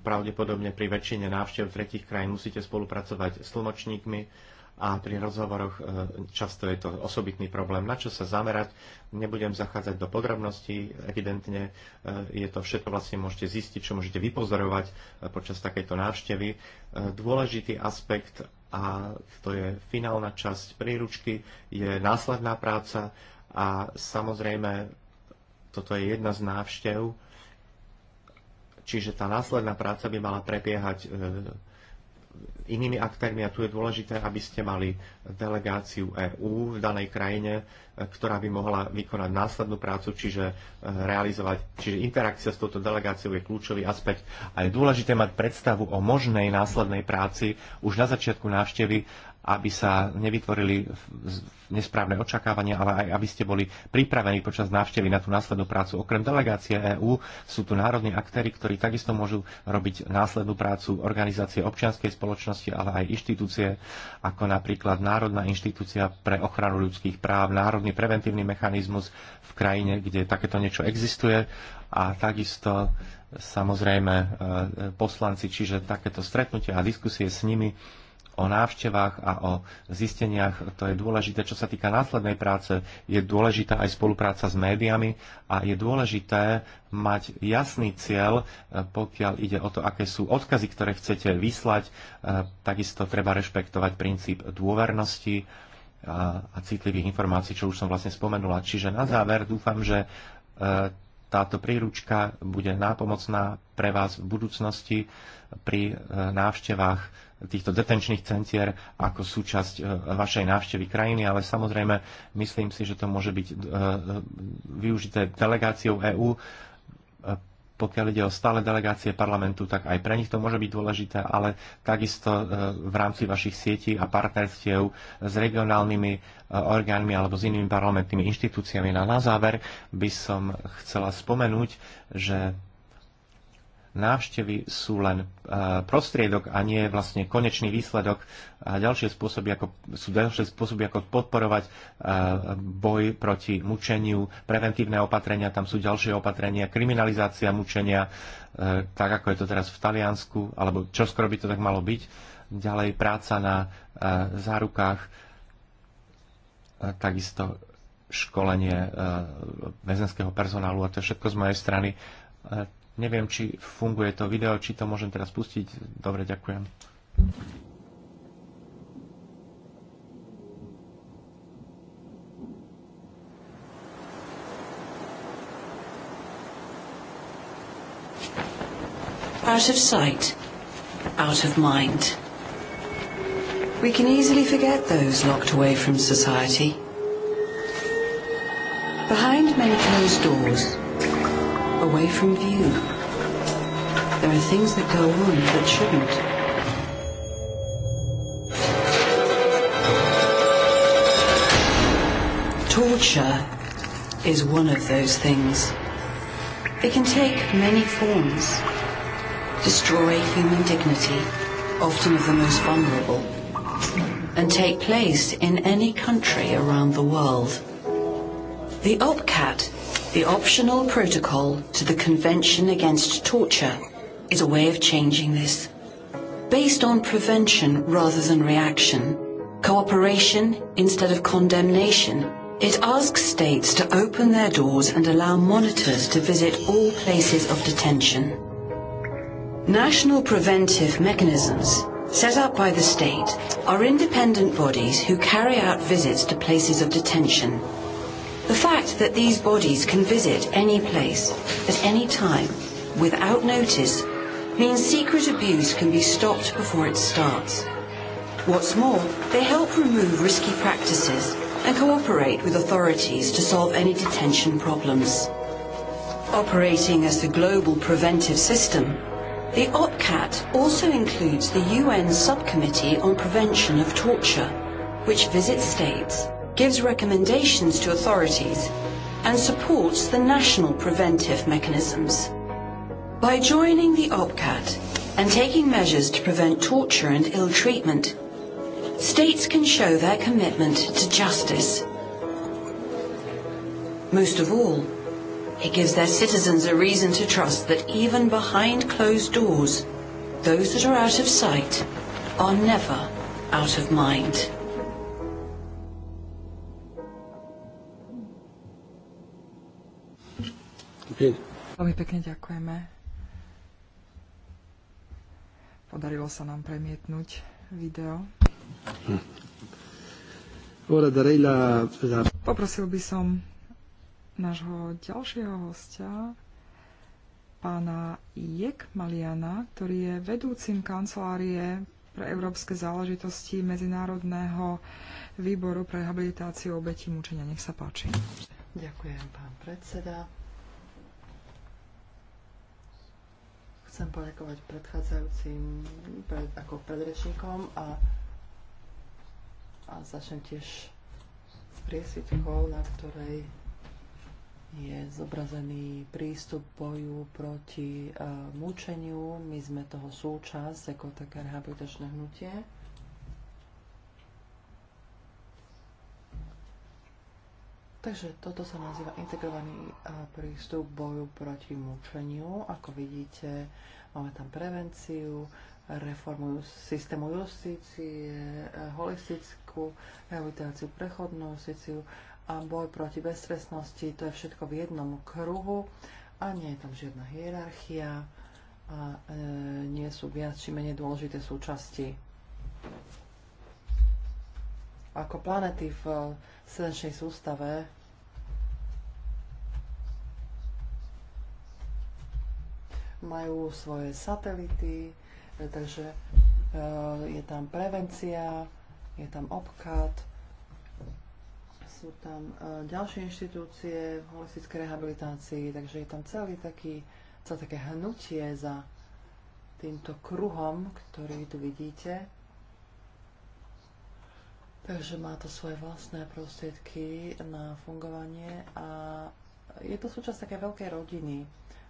pravdepodobne pri väčšine návštev tretich krajín musíte spolupracovať s tlmočníkmi a pri rozhovoroch e, často je to osobitný problém. Na čo sa zamerať? Nebudem zachádzať do podrobností, evidentne e, je to všetko vlastne môžete zistiť, čo môžete vypozorovať e, počas takejto návštevy. Dôležitý aspekt, a to je finálna časť príručky, je následná práca a samozrejme toto je jedna z návštev, čiže tá následná práca by mala prebiehať inými aktérmi a tu je dôležité, aby ste mali delegáciu EÚ v danej krajine, e, ktorá by mohla vykonať následnú prácu, čiže e, realizovať, čiže interakcia s touto delegáciou je kľúčový aspekt a je dôležité mať predstavu o možnej následnej práci už na začiatku návštevy aby sa nevytvorili nesprávne očakávania, ale aj aby ste boli pripravení počas návštevy na tú následnú prácu. Okrem delegácie EÚ sú tu národní aktéry, ktorí takisto môžu robiť následnú prácu organizácie občianskej spoločnosti, ale aj inštitúcie, ako napríklad Národná inštitúcia pre ochranu ľudských práv, Národný preventívny mechanizmus v krajine, kde takéto niečo existuje a takisto samozrejme e, poslanci, čiže takéto stretnutia a diskusie s nimi o návštevách a o zisteniach. To je dôležité, čo sa týka následnej práce. Je dôležitá aj spolupráca s médiami a je dôležité mať jasný cieľ, e, pokiaľ ide o to, aké sú odkazy, ktoré chcete vyslať. E, takisto treba rešpektovať princíp dôvernosti e, a citlivých informácií, čo už som vlastne spomenula. Čiže na záver dúfam, že táto príručka bude nápomocná pre vás v budúcnosti pri návštevách týchto detenčných centier ako súčasť e, vašej návštevy krajiny, ale samozrejme myslím si, že to môže byť e, e, využité delegáciou EÚ. Pokiaľ ide o stále delegácie parlamentu, tak aj pre nich to môže byť dôležité, ale takisto v rámci vašich sietí a partnerstiev s regionálnymi orgánmi alebo s inými parlamentnými inštitúciami. na záver by som chcela spomenúť, že návštevy sú len eh, prostriedok a nie vlastne konečný výsledok. A ďalšie spôsoby, ako, sú ďalšie spôsoby, ako podporovať eh, boj proti mučeniu, preventívne opatrenia, tam sú ďalšie opatrenia, kriminalizácia mučenia, eh, tak ako je to teraz v Taliansku, alebo čo skoro by to tak malo byť. Ďalej práca na zárukách, takisto školenie väzenského personálu a to je všetko z mojej strany Neviem, či funguje to video, či to môžem teraz pustiť. Dobre, ďakujem. Out of sight, out of mind. We can easily forget those locked away from society. Behind many closed doors, away from view. There are things that go on that shouldn't. Torture is one of those things. It can take many forms. Destroy human dignity, often of the most vulnerable, and take place in any country around the world. The OPCAT The optional protocol to the Convention Against Torture is a way of changing this. Based on prevention rather than reaction, cooperation instead of condemnation, it asks states to open their doors and allow monitors to visit all places of detention. National preventive mechanisms set up by the state are independent bodies who carry out visits to places of detention The fact that these bodies can visit any place at any time without notice means secret abuse can be stopped before it starts. What's more, they help remove risky practices and cooperate with authorities to solve any detention problems. Operating as the global preventive system, the OPCAT also includes the UN Subcommittee on Prevention of Torture, which visits states gives recommendations to authorities, and supports the national preventive mechanisms. By joining the OPCAT and taking measures to prevent torture and ill treatment, states can show their commitment to justice. Most of all, it gives their citizens a reason to trust that even behind closed doors, those that are out of sight are never out of mind. Hm. Veľmi pekne ďakujeme. Podarilo sa nám premietnúť video. Hm. Poprosil by som nášho ďalšieho hostia, pána Jek Maliana, ktorý je vedúcim kancelárie pre európske záležitosti Medzinárodného výboru pre habilitáciu obetí mučenia. Nech sa páči. Ďakujem, pán predseda. Chcem poďakovať predchádzajúcim pred, ako predrečníkom a, a začnem tiež s priesvitkou, na ktorej je zobrazený prístup boju proti uh, mučeniu. My sme toho súčasť ako také rehabilitačné hnutie. Takže toto sa nazýva integrovaný prístup boju proti mučeniu. Ako vidíte, máme tam prevenciu, reformu systému justície, e, holistickú rehabilitáciu, prechodnú justíciu a boj proti bezstresnosti, To je všetko v jednom kruhu a nie je tam žiadna hierarchia a e, nie sú viac či menej dôležité súčasti ako planety v e, slnečnej sústave majú svoje satelity, e, takže e, je tam prevencia, je tam obkat, sú tam e, ďalšie inštitúcie v holistickej rehabilitácii, takže je tam celý taký, celé také hnutie za týmto kruhom, ktorý tu vidíte. Takže má to svoje vlastné prostriedky na fungovanie a je to súčasť také veľkej rodiny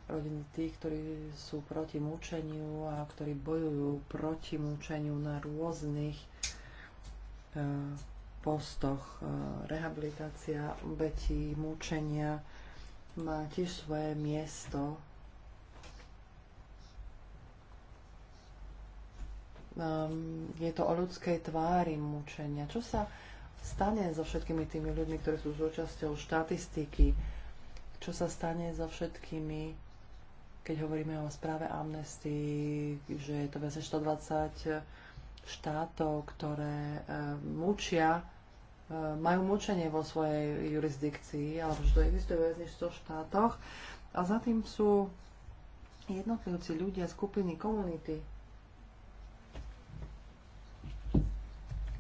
rodiny tých, ktorí sú proti mučeniu a ktorí bojujú proti mučeniu na rôznych e, postoch. E, rehabilitácia obetí mučenia má tiež svoje miesto. Ehm, je to o ľudskej tvári mučenia. Čo sa stane so všetkými tými ľuďmi, ktorí sú súčasťou štatistiky? Čo sa stane so všetkými keď hovoríme o správe amnesty, že je to viac než 120 eh, štátov, ktoré eh, mučia, eh, majú mučenie vo svojej jurisdikcii, alebo že to existuje viac než 100 štátoch. A za tým sú jednotlivci ľudia, skupiny, komunity.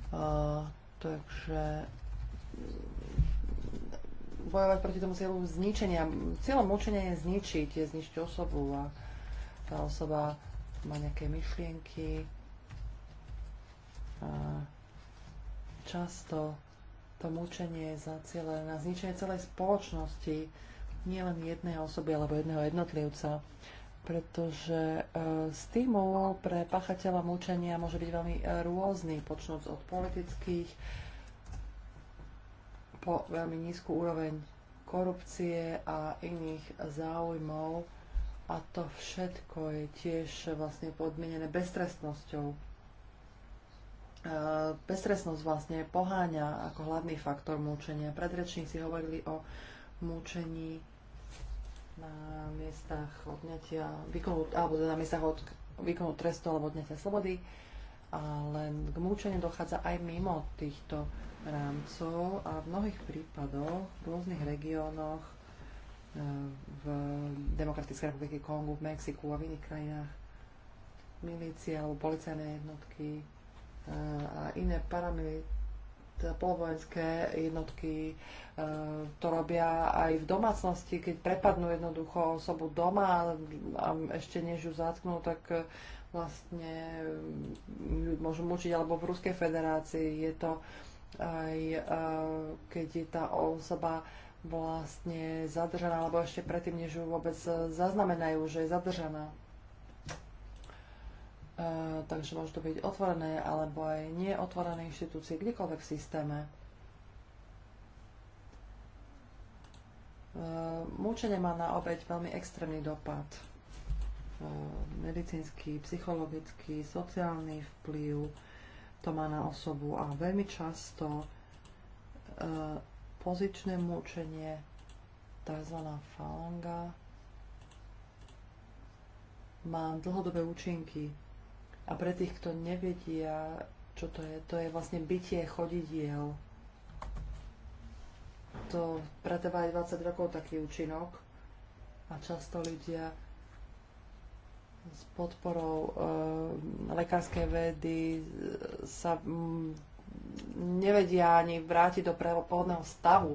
Uh, takže bojovať proti tomu cieľu zničenia. Cieľom mučenia je zničiť, je zničiť osobu a tá osoba má nejaké myšlienky. A často to mučenie je zacielené na zničenie celej spoločnosti, nielen jednej osoby alebo jedného jednotlivca, pretože e, stimul pre pachateľa mučenia môže byť veľmi e, rôzny, počnúc od politických, po veľmi nízku úroveň korupcie a iných záujmov a to všetko je tiež vlastne podmienené beztrestnosťou. E, beztrestnosť vlastne poháňa ako hlavný faktor múčenia. Predrečníci hovorili o múčení na miestach odňatia výkonu, alebo teda na miestach od výkonu trestu alebo odňatia slobody, ale k múčeniu dochádza aj mimo týchto rámcov a v mnohých prípadoch v rôznych regiónoch e, v Demokratickej republike Kongu, v Mexiku a v iných krajinách milície alebo policajné jednotky e, a iné paramilitárne polovojenské jednotky e, to robia aj v domácnosti, keď prepadnú jednoducho osobu doma a ešte než ju zatknú, tak vlastne môžu mučiť. Alebo v Ruskej federácii je to aj eh, keď je tá osoba vlastne zadržaná, alebo ešte predtým, než ju vôbec eh, zaznamenajú, že je zadržaná. Eh, takže môžu to byť otvorené alebo aj neotvorené inštitúcie, kdekoľvek v systéme. múčenie má na obeď veľmi extrémny dopad. medicínsky, psychologický, sociálny vplyv, to má na osobu a veľmi často e, pozičné mučenie, tzv. falanga, má dlhodobé účinky. A pre tých, kto nevedia, čo to je, to je vlastne bytie chodidiel. To pre teba je 20 rokov taký účinok a často ľudia s podporou e, lekárskej vedy e, sa m, nevedia ani vrátiť do pôvodného stavu.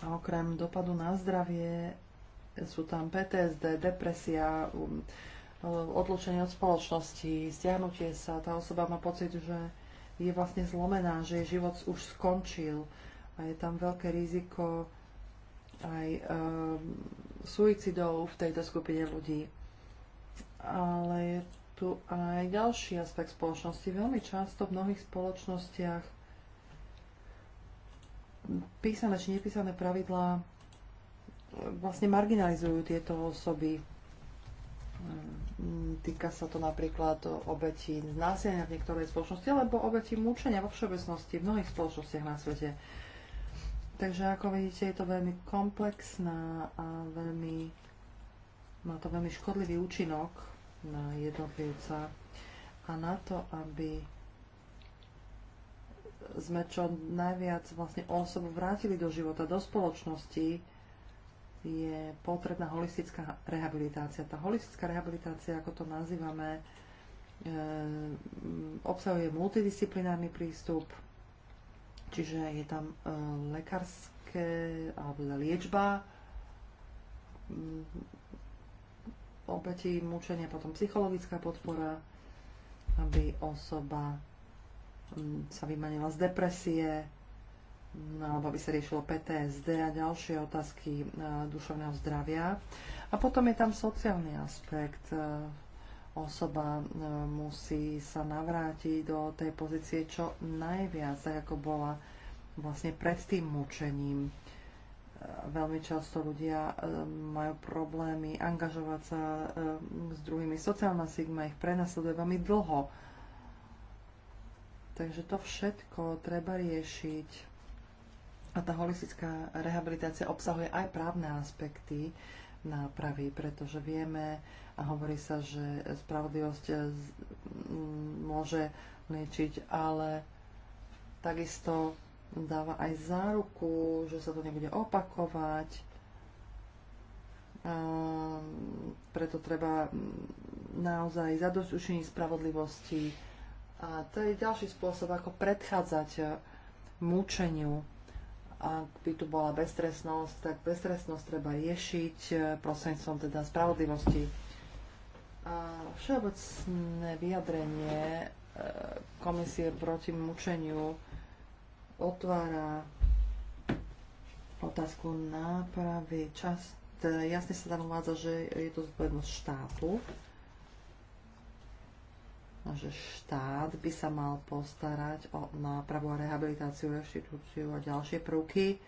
A okrem dopadu na zdravie sú tam PTSD, depresia, um, odlučenie od spoločnosti, stiahnutie sa. Tá osoba má pocit, že je vlastne zlomená, že jej život už skončil a je tam veľké riziko aj ehm, suicidov v tejto skupine ľudí. Ale je tu aj ďalší aspekt spoločnosti. Veľmi často v mnohých spoločnostiach písané či nepísané pravidlá ehm, vlastne marginalizujú tieto osoby. Ehm, týka sa to napríklad obetí násilia v niektorej spoločnosti, alebo obetí mučenia vo všeobecnosti v mnohých spoločnostiach na svete. Takže ako vidíte, je to veľmi komplexná a veľmi, má to veľmi škodlivý účinok na jednotlivca a na to, aby sme čo najviac vlastne osobu vrátili do života, do spoločnosti, je potrebná holistická rehabilitácia. Tá holistická rehabilitácia, ako to nazývame, e, obsahuje multidisciplinárny prístup, Čiže je tam e, lekárske alebo teda liečba mm, obeti mučenia, potom psychologická podpora, aby osoba mm, sa vymanila z depresie, mm, alebo aby sa riešilo PTSD a ďalšie otázky e, duševného zdravia. A potom je tam sociálny aspekt, e, osoba e, musí sa navrátiť do tej pozície čo najviac, tak ako bola vlastne pred tým mučením. E, veľmi často ľudia e, majú problémy angažovať sa s druhými. Sociálna sigma ich prenasleduje veľmi dlho. Takže to všetko treba riešiť. A tá holistická rehabilitácia obsahuje aj právne aspekty, nápravy, pretože vieme a hovorí sa, že spravodlivosť eh, mm, môže liečiť, ale takisto dáva aj záruku, že sa to nebude opakovať. A preto treba mm, naozaj zadosť spravodlivosti. A to je ďalší spôsob, ako predchádzať eh, mučeniu ak by tu bola beztresnosť, tak beztresnosť treba riešiť eh, prostredníctvom teda spravodlivosti. A všeobecné vyjadrenie eh, komisie proti mučeniu otvára otázku nápravy. Čas, teda jasne sa tam uvádza, že je to zodpovednosť štátu No, že štát by sa mal postarať o nápravu a rehabilitáciu, reštitúciu a ďalšie prvky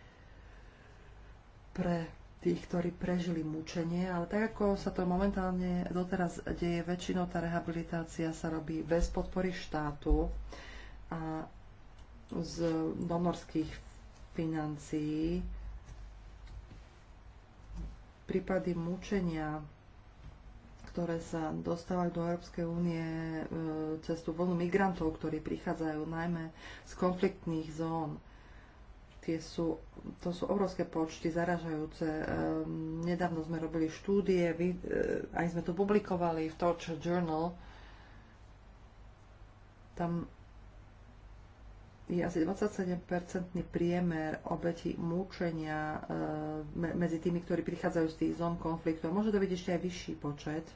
pre tých, ktorí prežili mučenie, ale tak ako sa to momentálne doteraz deje, väčšinou tá rehabilitácia sa robí bez podpory štátu a z donorských financií prípady mučenia ktoré sa dostávajú do Európskej únie e, cez tú vlnu migrantov, ktorí prichádzajú najmä z konfliktných zón. Tie sú, to sú obrovské počty, zaražajúce. E, nedávno sme robili štúdie, e, aj sme to publikovali v Torture Journal. Tam je asi 27-percentný priemer obeti múčenia medzi tými, ktorí prichádzajú z tých zón konfliktu. A môže to byť ešte aj vyšší počet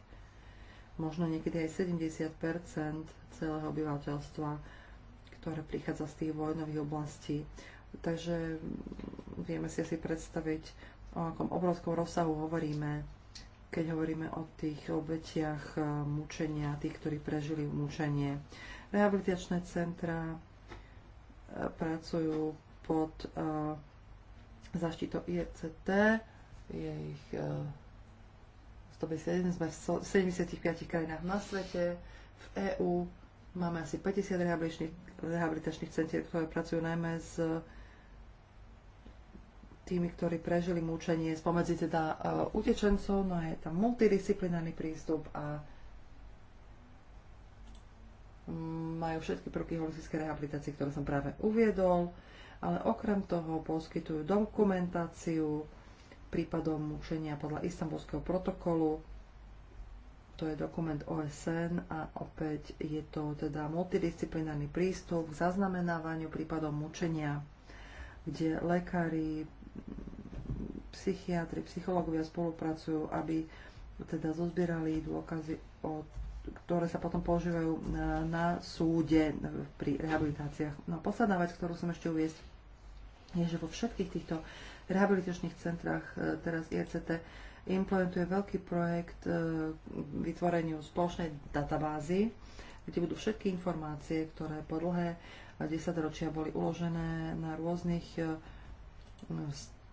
možno niekedy aj 70 celého obyvateľstva, ktoré prichádza z tých vojnových oblastí. Takže vieme si asi predstaviť, o akom obrovskom rozsahu hovoríme, keď hovoríme o tých obetiach e, mučenia, tých, ktorí prežili mučenie. Rehabilitačné centra e, pracujú pod e, zaštitou IECT, je ich 151 sme v 75 krajinách na svete, v EÚ máme asi 50 rehabilitačných centier, ktoré pracujú najmä s tými, ktorí prežili mučenie, spomedzi teda uh, utečencov, no je tam multidisciplinárny prístup a majú všetky prvky holistické rehabilitácie, ktoré som práve uviedol, ale okrem toho poskytujú dokumentáciu, prípadom mučenia podľa istambulského protokolu. To je dokument OSN a opäť je to teda multidisciplinárny prístup k zaznamenávaniu prípadov mučenia, kde lekári, psychiatri, psychológovia spolupracujú, aby teda zozbierali dôkazy, o, ktoré sa potom používajú na, na súde pri rehabilitáciách. No a posledná vec, ktorú som ešte uviesť, je, že vo všetkých týchto rehabilitačných centrách, e, teraz ICT, implementuje veľký projekt e, vytvoreniu spoločnej databázy, kde budú všetky informácie, ktoré po dlhé desaťročia boli uložené na rôznych e,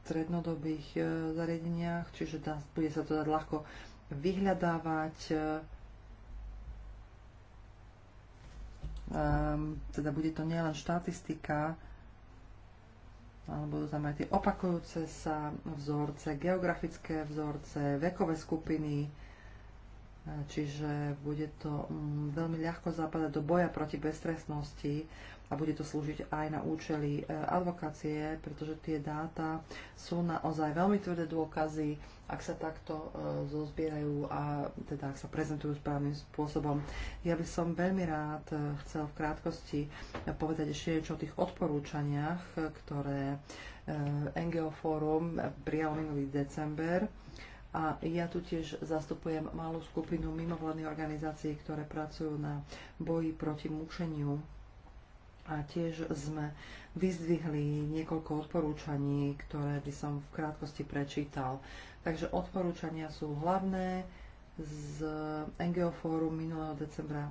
strednodobých zariadeniach, čiže dá, bude sa to dať ľahko vyhľadávať, ehm, teda bude to nielen štatistika, alebo tam aj tie opakujúce sa vzorce, geografické vzorce, vekové skupiny, čiže bude to mm, veľmi ľahko zapadať do boja proti beztrestnosti a bude to slúžiť aj na účely e, advokácie, pretože tie dáta sú naozaj veľmi tvrdé dôkazy, ak sa takto e, zozbierajú a teda ak sa prezentujú správnym spôsobom. Ja by som veľmi rád e, chcel v krátkosti povedať ešte niečo o tých odporúčaniach, ktoré NGO Fórum prijal minulý december. A ja tu tiež zastupujem malú skupinu mimovládnych organizácií, ktoré pracujú na boji proti mučeniu a tiež sme vyzdvihli niekoľko odporúčaní, ktoré by som v krátkosti prečítal. Takže odporúčania sú hlavné z NGO fórum minulého decembra,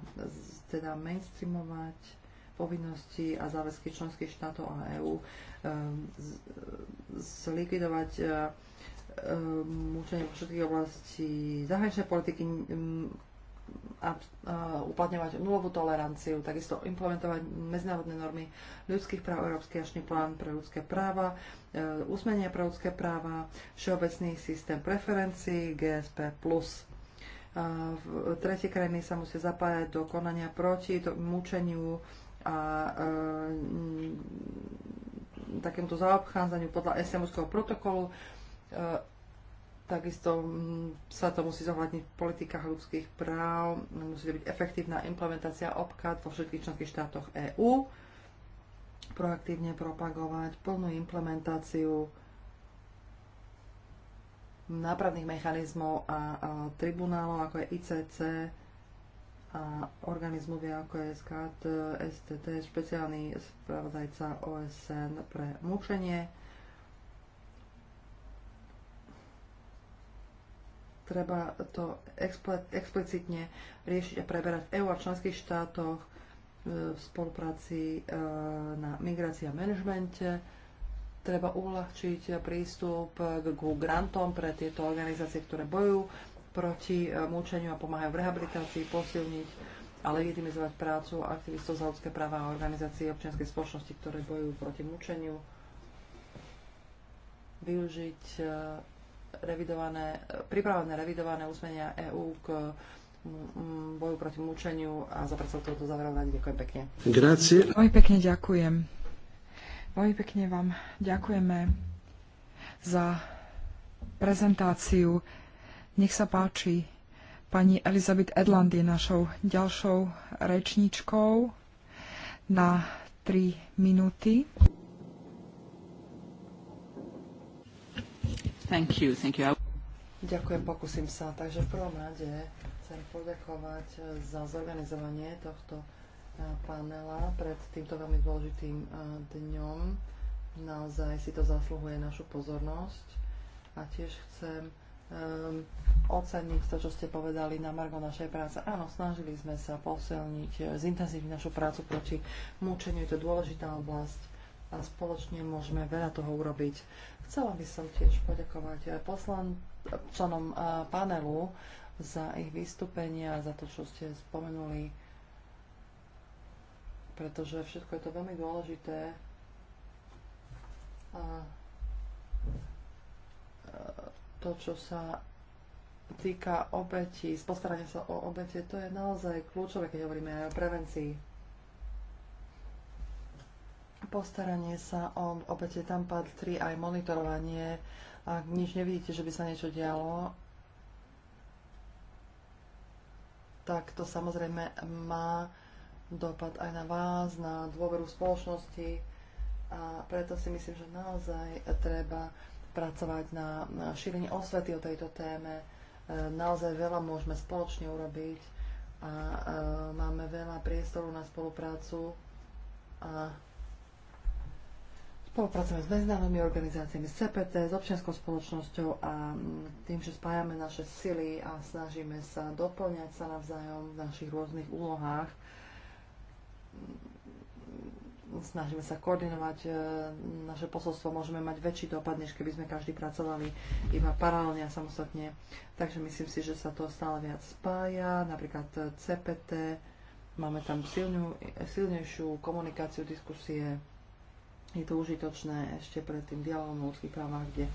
teda mainstreamovať povinnosti a záväzky členských štátov a EÚ, um, zlikvidovať um, mučenie vo všetkých oblastí zahraničnej politiky, uplatňovať nulovú toleranciu, takisto implementovať medzinárodné normy ľudských práv, Európsky ačný plán pre ľudské práva, úsmenie e, pre ľudské práva, všeobecný systém preferencií, GSP+. V Tretie krajiny sa musia zapájať do konania proti mučeniu a e, takémuto zaobchádzaniu podľa SMUského protokolu. E, Takisto mm, sa to musí zohľadniť v politikách ľudských práv, musí to byť efektívna implementácia obkat vo všetkých členských štátoch EÚ, proaktívne propagovať plnú implementáciu nápravných mechanizmov a, a tribunálov, ako je ICC a organizmovia ako je SKT, STT, špeciálny spravodajca OSN pre mučenie treba to explicitne riešiť a preberať v EU a členských štátoch e, v spolupráci e, na migrácii a manažmente. Treba uľahčiť prístup k grantom pre tieto organizácie, ktoré bojujú proti e, múčeniu a pomáhajú v rehabilitácii, posilniť a legitimizovať prácu aktivistov za ľudské práva a organizácií občianskej spoločnosti, ktoré bojujú proti mučeniu využiť revidované, pripravené revidované úsmenia EÚ k boju proti mučeniu a zapracovať toto záverovanie. Ďakujem pekne. Grazie. Veľmi pekne ďakujem. Veľmi pekne vám ďakujeme za prezentáciu. Nech sa páči, pani Elizabeth Edland je našou ďalšou rečníčkou na 3 minúty. Thank you, thank you. Ďakujem, pokúsim sa. Takže v prvom rade chcem poďakovať eh, za zorganizovanie tohto eh, panela pred týmto veľmi dôležitým eh, dňom. Naozaj si to zasluhuje našu pozornosť a tiež chcem um, oceniť to, čo ste povedali na margo našej práce. Áno, snažili sme sa posilniť, zintenzívniť našu prácu proti mučeniu. Je to dôležitá oblasť a spoločne môžeme veľa toho urobiť. Chcela by som tiež poďakovať eh, poslan, členom eh, panelu za ich vystúpenia, za to, čo ste spomenuli, pretože všetko je to veľmi dôležité. A eh, to, čo sa týka obetí, postarania sa o obete, to je naozaj kľúčové, keď hovoríme aj o prevencii postaranie sa o obete, tam patrí aj monitorovanie. Ak nič nevidíte, že by sa niečo dialo, tak to samozrejme má dopad aj na vás, na dôveru spoločnosti a preto si myslím, že naozaj treba pracovať na, na šírení osvety o tejto téme. E, naozaj veľa môžeme spoločne urobiť a, a e, máme veľa priestoru na spoluprácu a Spolupracujeme s medzinárodnými organizáciami, s CPT, s občianskou spoločnosťou a mm, tým, že spájame naše sily a snažíme sa doplňať sa navzájom v našich rôznych úlohách, mm, snažíme sa koordinovať e, naše posolstvo, môžeme mať väčší dopad, než keby sme každý pracovali iba paralelne a samostatne. Takže myslím si, že sa to stále viac spája, napríklad e, CPT, máme tam silnú, silnejšiu komunikáciu, diskusie, je to užitočné ešte pred tým dialogom o ľudských právach, kde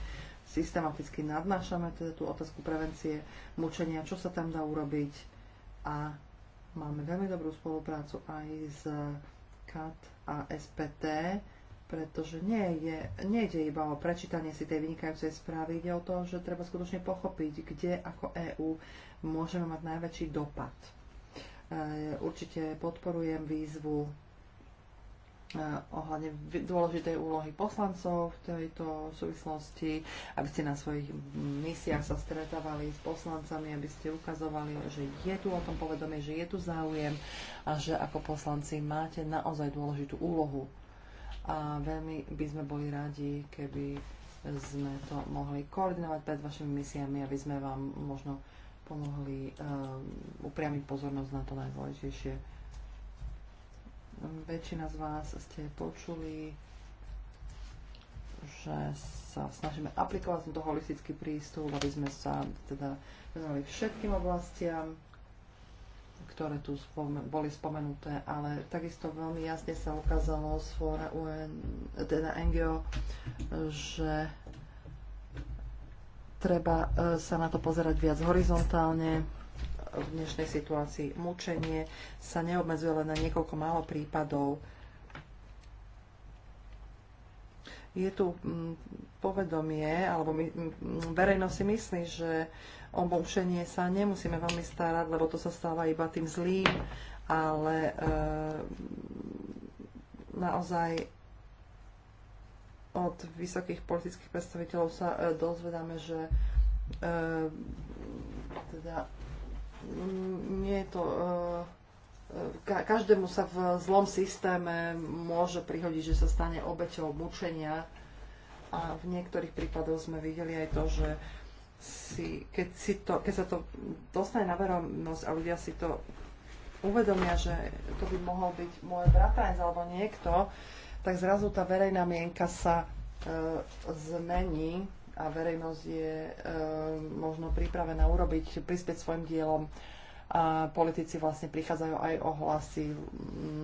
systematicky nadnášame teda tú otázku prevencie mučenia, čo sa tam dá urobiť a máme veľmi dobrú spoluprácu aj s CAT a SPT, pretože nie je, ide iba o prečítanie si tej vynikajúcej správy, ide o to, že treba skutočne pochopiť, kde ako EÚ môžeme mať najväčší dopad. E, určite podporujem výzvu E, ohľadne dôležitej úlohy poslancov v tejto súvislosti, aby ste na svojich misiách sa stretávali s poslancami, aby ste ukazovali, že je tu o tom povedomie, že je tu záujem a že ako poslanci máte naozaj dôležitú úlohu. A veľmi by sme boli radi, keby sme to mohli koordinovať pred vašimi misiami, aby sme vám možno pomohli um, upriamiť pozornosť na to najdôležitejšie väčšina z vás ste počuli, že sa snažíme aplikovať tento holistický prístup, aby sme sa teda venovali všetkým oblastiam, ktoré tu spome- boli spomenuté, ale takisto veľmi jasne sa ukázalo z fóra UN, teda NGO, že treba e, sa na to pozerať viac horizontálne, v dnešnej situácii. Mučenie sa neobmedzuje len na niekoľko málo prípadov. Je tu mm, povedomie, alebo my, mm, mm, verejnosť si myslí, že o mučenie sa nemusíme veľmi starať, lebo to sa stáva iba tým zlým, ale e, naozaj od vysokých politických predstaviteľov sa e, dozvedáme, že e, teda nie je to... Eh, každému sa v zlom systéme môže prihodiť, že sa stane obeťou mučenia a v niektorých prípadoch sme videli aj to, že si, keď, si to, keď sa to dostane na verejnosť a ľudia si to uvedomia, že to by mohol byť môj bratranec alebo niekto, tak zrazu tá verejná mienka sa e, zmení a verejnosť je e, možno pripravená urobiť, prispieť svojim dielom a politici vlastne prichádzajú aj o hlasy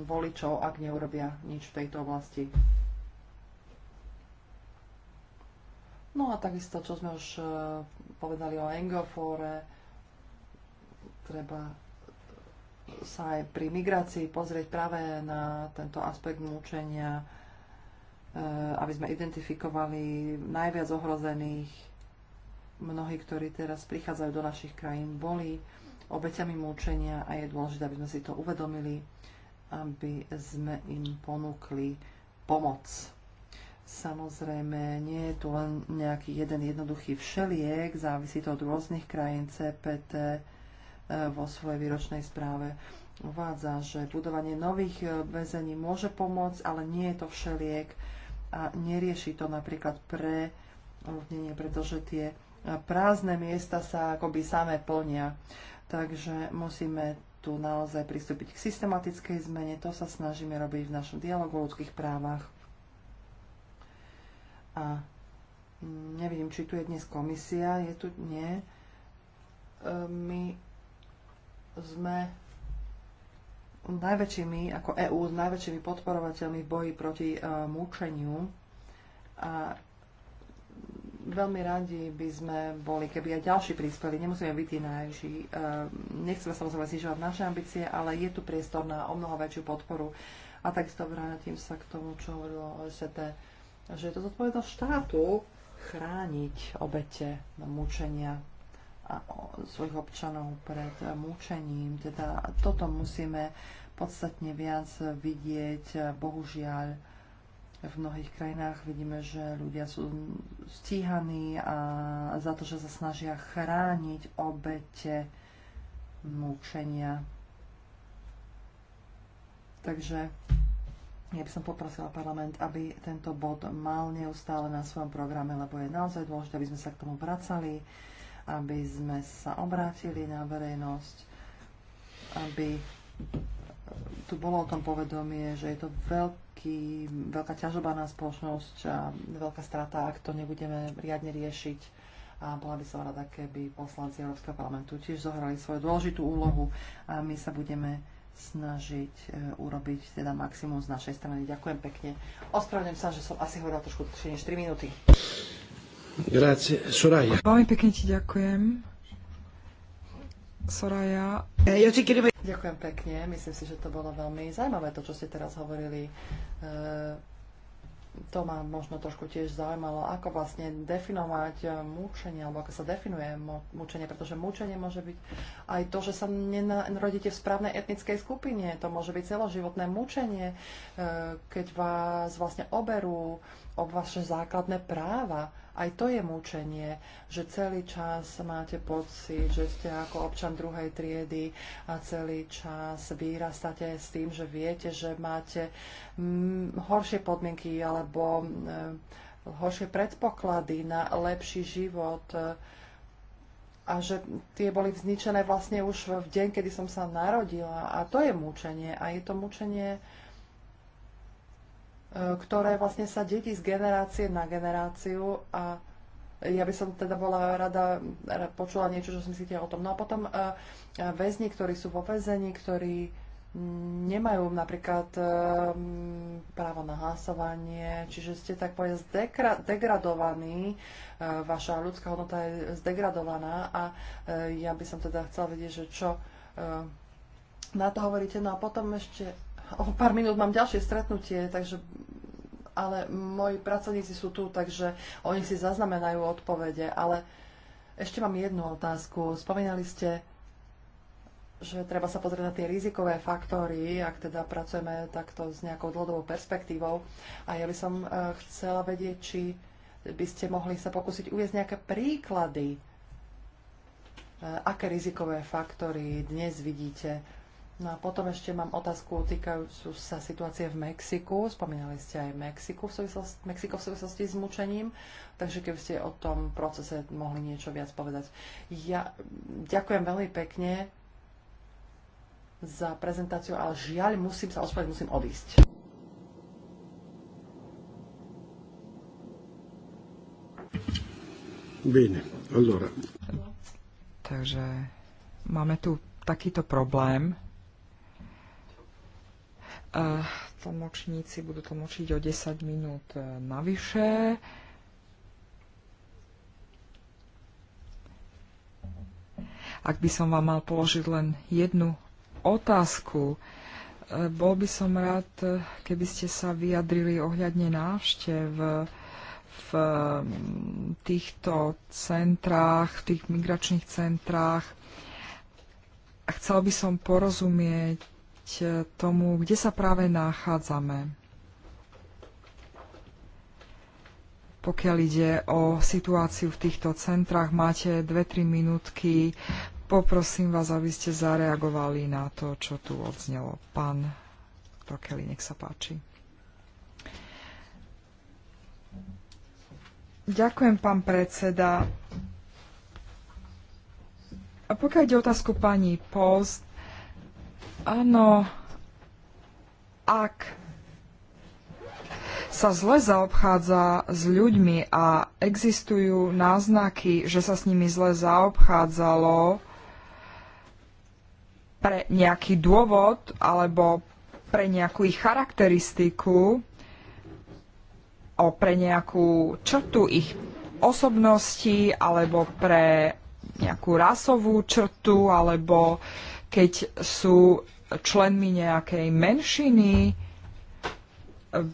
voličov, ak neurobia nič v tejto oblasti. No a takisto, čo sme už e, povedali o Engofore, treba sa aj pri migrácii pozrieť práve na tento aspekt mučenia, Eh, aby sme identifikovali najviac ohrozených. Mnohí, ktorí teraz prichádzajú do našich krajín, boli obeťami múčenia a je dôležité, aby sme si to uvedomili, aby sme im ponúkli pomoc. Samozrejme, nie je tu len nejaký jeden jednoduchý všeliek, závisí to od rôznych krajín. CPT eh, vo svojej výročnej správe uvádza, že budovanie nových eh, väzení môže pomôcť, ale nie je to všeliek a nerieši to napríklad pre ovnenie, pretože tie prázdne miesta sa akoby samé plnia. Takže musíme tu naozaj pristúpiť k systematickej zmene. To sa snažíme robiť v našom dialogu o ľudských právach. A nevidím, či tu je dnes komisia, je tu nie. E, my sme najväčšími, ako EÚ, s najväčšími podporovateľmi v boji proti uh, e, múčeniu. A veľmi radi by sme boli, keby aj ďalší prispeli. Nemusíme byť tí najvyšší. Uh, nechceme samozrejme znižovať naše ambície, ale je tu priestor na o mnoho väčšiu podporu. A takisto vrátim sa k tomu, čo hovorilo OSCT, že je to zodpovednosť štátu chrániť obete mučenia svojich občanov pred múčením. Teda toto musíme podstatne viac vidieť. Bohužiaľ, v mnohých krajinách vidíme, že ľudia sú stíhaní a za to, že sa snažia chrániť obete múčenia. Takže ja by som poprosila parlament, aby tento bod mal neustále na svojom programe, lebo je naozaj dôležité, aby sme sa k tomu vracali aby sme sa obrátili na verejnosť, aby tu bolo o tom povedomie, že je to veľký, veľká ťažoba na spoločnosť a veľká strata, ak to nebudeme riadne riešiť. A bola by som rada, keby poslanci Európskeho parlamentu tiež zohrali svoju dôležitú úlohu a my sa budeme snažiť e, urobiť teda maximum z našej strany. Ďakujem pekne. Ospravedlňujem sa, že som asi hovorila trošku než 3 minúty. Grazie, Soraya. Veľmi pekne ti ďakujem. Soraya. Eh, ďakujem pekne. Myslím si, že to bolo veľmi zaujímavé, to, čo ste teraz hovorili. Eh, to ma možno trošku tiež zaujímalo, ako vlastne definovať eh, mučenie, alebo ako sa definuje mučenie, pretože mučenie môže byť aj to, že sa nenarodíte v správnej etnickej skupine. To môže byť celoživotné mučenie, keď vás vlastne oberú o vaše základné práva aj to je mučenie, že celý čas máte pocit, že ste ako občan druhej triedy a celý čas vyrastáte s tým, že viete, že máte mm, horšie podmienky alebo e, horšie predpoklady na lepší život e, a že tie boli vzničené vlastne už v deň, kedy som sa narodila. A to je mučenie. A je to mučenie E, ktoré vlastne sa dedí z generácie na generáciu a ja by som teda bola rada, počula niečo, čo si myslíte o tom. No a potom e, e, väzni, ktorí sú vo väzení, ktorí nemajú napríklad právo na hlasovanie, čiže ste tak povedať degradovaní, vaša ľudská hodnota je zdegradovaná a ja by som teda chcela vedieť, že čo na to hovoríte. No a potom ešte o pár minút mám ďalšie stretnutie, takže ale moji pracovníci sú tu, takže oni si zaznamenajú odpovede. Ale ešte mám jednu otázku. Spomínali ste, že treba sa pozrieť na tie rizikové faktory, ak teda pracujeme takto s nejakou dlhodobou perspektívou. A ja by som e, chcela vedieť, či by ste mohli sa pokúsiť uviezť nejaké príklady, e, aké rizikové faktory dnes vidíte No a potom ešte mám otázku týkajúcu sa situácie v Mexiku. Spomínali ste aj Mexiku v súvislosti, Mexiko v súvislosti s mučením, takže keby ste o tom procese mohli niečo viac povedať. Ja ďakujem veľmi pekne za prezentáciu, ale žiaľ, musím sa ospovedať, musím odísť. Bene, allora. Takže máme tu takýto problém Eh, tlmočníci budú tlmočiť o 10 minút eh, navyše. Ak by som vám mal položiť len jednu otázku, eh, bol by som rád, keby ste sa vyjadrili ohľadne návštev v mm, týchto centrách, v tých migračných centrách. Chcel by som porozumieť venovať e, tomu, kde sa práve nachádzame. Pokiaľ ide o situáciu v týchto centrách, máte 2-3 minútky. Poprosím vás, aby ste zareagovali na to, čo tu odznelo. Pán Rokeli, nech sa páči. Ďakujem, pán predseda. A pokiaľ ide otázku pani Post, Áno, ak sa zle zaobchádza s ľuďmi a existujú náznaky, že sa s nimi zle zaobchádzalo pre nejaký dôvod alebo pre nejakú ich charakteristiku, o pre nejakú črtu ich osobnosti alebo pre nejakú rasovú črtu alebo keď sú členmi nejakej menšiny,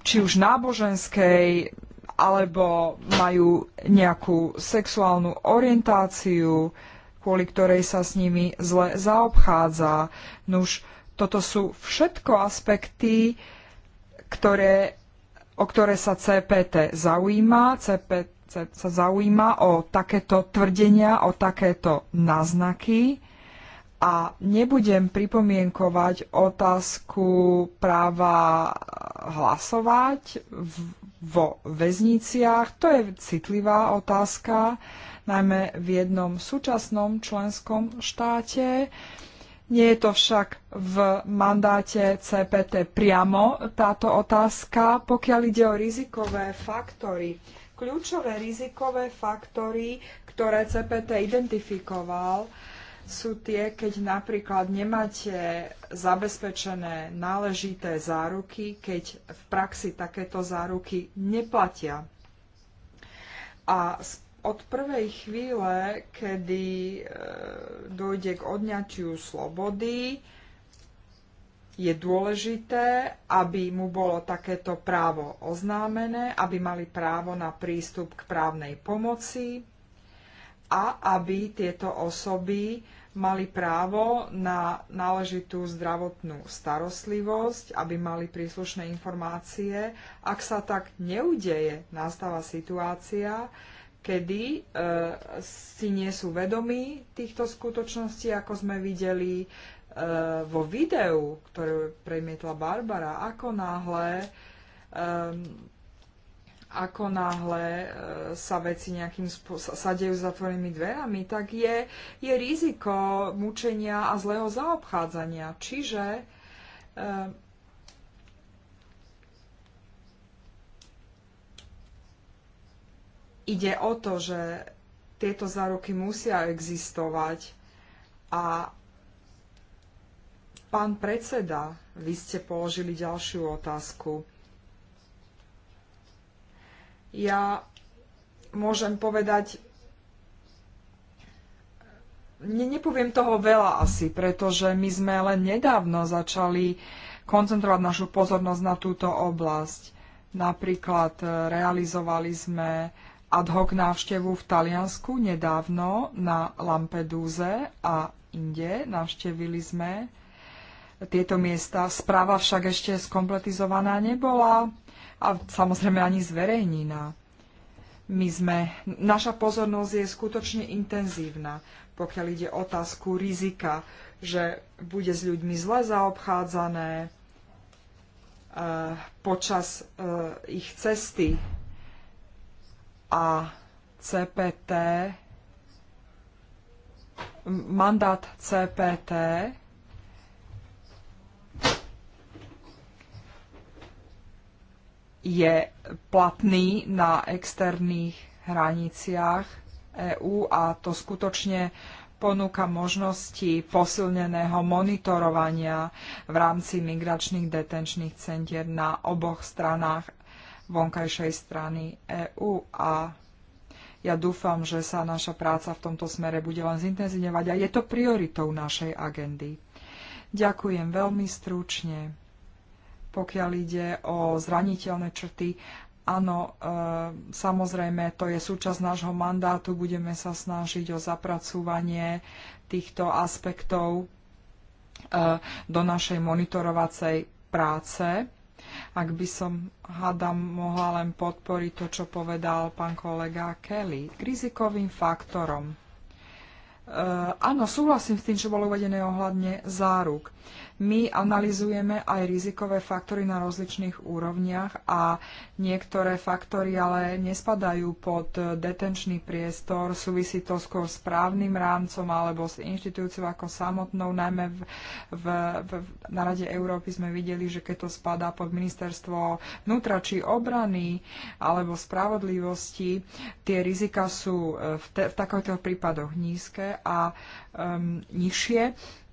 či už náboženskej, alebo majú nejakú sexuálnu orientáciu, kvôli ktorej sa s nimi zle zaobchádza. Nuž, toto sú všetko aspekty, ktoré, o ktoré sa CPT zaujíma. CPT sa zaujíma o takéto tvrdenia, o takéto náznaky a nebudem pripomienkovať otázku práva hlasovať v, vo väzniciach. To je citlivá otázka, najmä v jednom súčasnom členskom štáte. Nie je to však v mandáte CPT priamo táto otázka, pokiaľ ide o rizikové faktory. Kľúčové rizikové faktory, ktoré CPT identifikoval, sú tie, keď napríklad nemáte zabezpečené náležité záruky, keď v praxi takéto záruky neplatia. A od prvej chvíle, kedy e, dojde k odňatiu slobody, je dôležité, aby mu bolo takéto právo oznámené, aby mali právo na prístup k právnej pomoci a aby tieto osoby mali právo na náležitú zdravotnú starostlivosť, aby mali príslušné informácie. Ak sa tak neudeje, nastáva situácia, kedy e, si nie sú vedomí týchto skutočností, ako sme videli e, vo videu, ktoré premietla Barbara, ako náhle e, ako náhle e, sa veci nejakým sa dejú s zatvorenými dverami, tak je, je riziko mučenia a zlého zaobchádzania. Čiže eh, ide o to, že tieto záruky musia existovať a pán predseda, vy ste položili ďalšiu otázku ja môžem povedať, ne, nepoviem toho veľa asi, pretože my sme len nedávno začali koncentrovať našu pozornosť na túto oblasť. Napríklad e, realizovali sme ad hoc návštevu v Taliansku nedávno na Lampedúze a inde. Navštevili sme tieto miesta. Správa však ešte skompletizovaná nebola a samozrejme ani zverejnina. My sme, naša pozornosť je skutočne intenzívna, pokiaľ ide otázku rizika, že bude s ľuďmi zle zaobchádzané e, počas e, ich cesty a CPT, mandát CPT je platný na externých hraniciach EÚ a to skutočne ponúka možnosti posilneného monitorovania v rámci migračných detenčných centier na oboch stranách vonkajšej strany EÚ a ja dúfam, že sa naša práca v tomto smere bude len zintenzívňovať a je to prioritou našej agendy. Ďakujem veľmi stručne pokiaľ ide o zraniteľné črty. Áno, e, samozrejme, to je súčasť nášho mandátu, budeme sa snažiť o zapracúvanie týchto aspektov e, do našej monitorovacej práce. Ak by som, hádam, mohla len podporiť to, čo povedal pán kolega Kelly, k rizikovým faktorom. E, áno, súhlasím s tým, čo bolo uvedené ohľadne záruk. My analizujeme aj rizikové faktory na rozličných úrovniach a niektoré faktory ale nespadajú pod detenčný priestor. Súvisí to skôr s právnym rámcom alebo s inštitúciou ako samotnou. Najmä v, v, v, na Rade Európy sme videli, že keď to spadá pod ministerstvo vnútra či obrany alebo spravodlivosti, tie rizika sú eh, v, te, v takýchto prípadoch nízke a um, nižšie.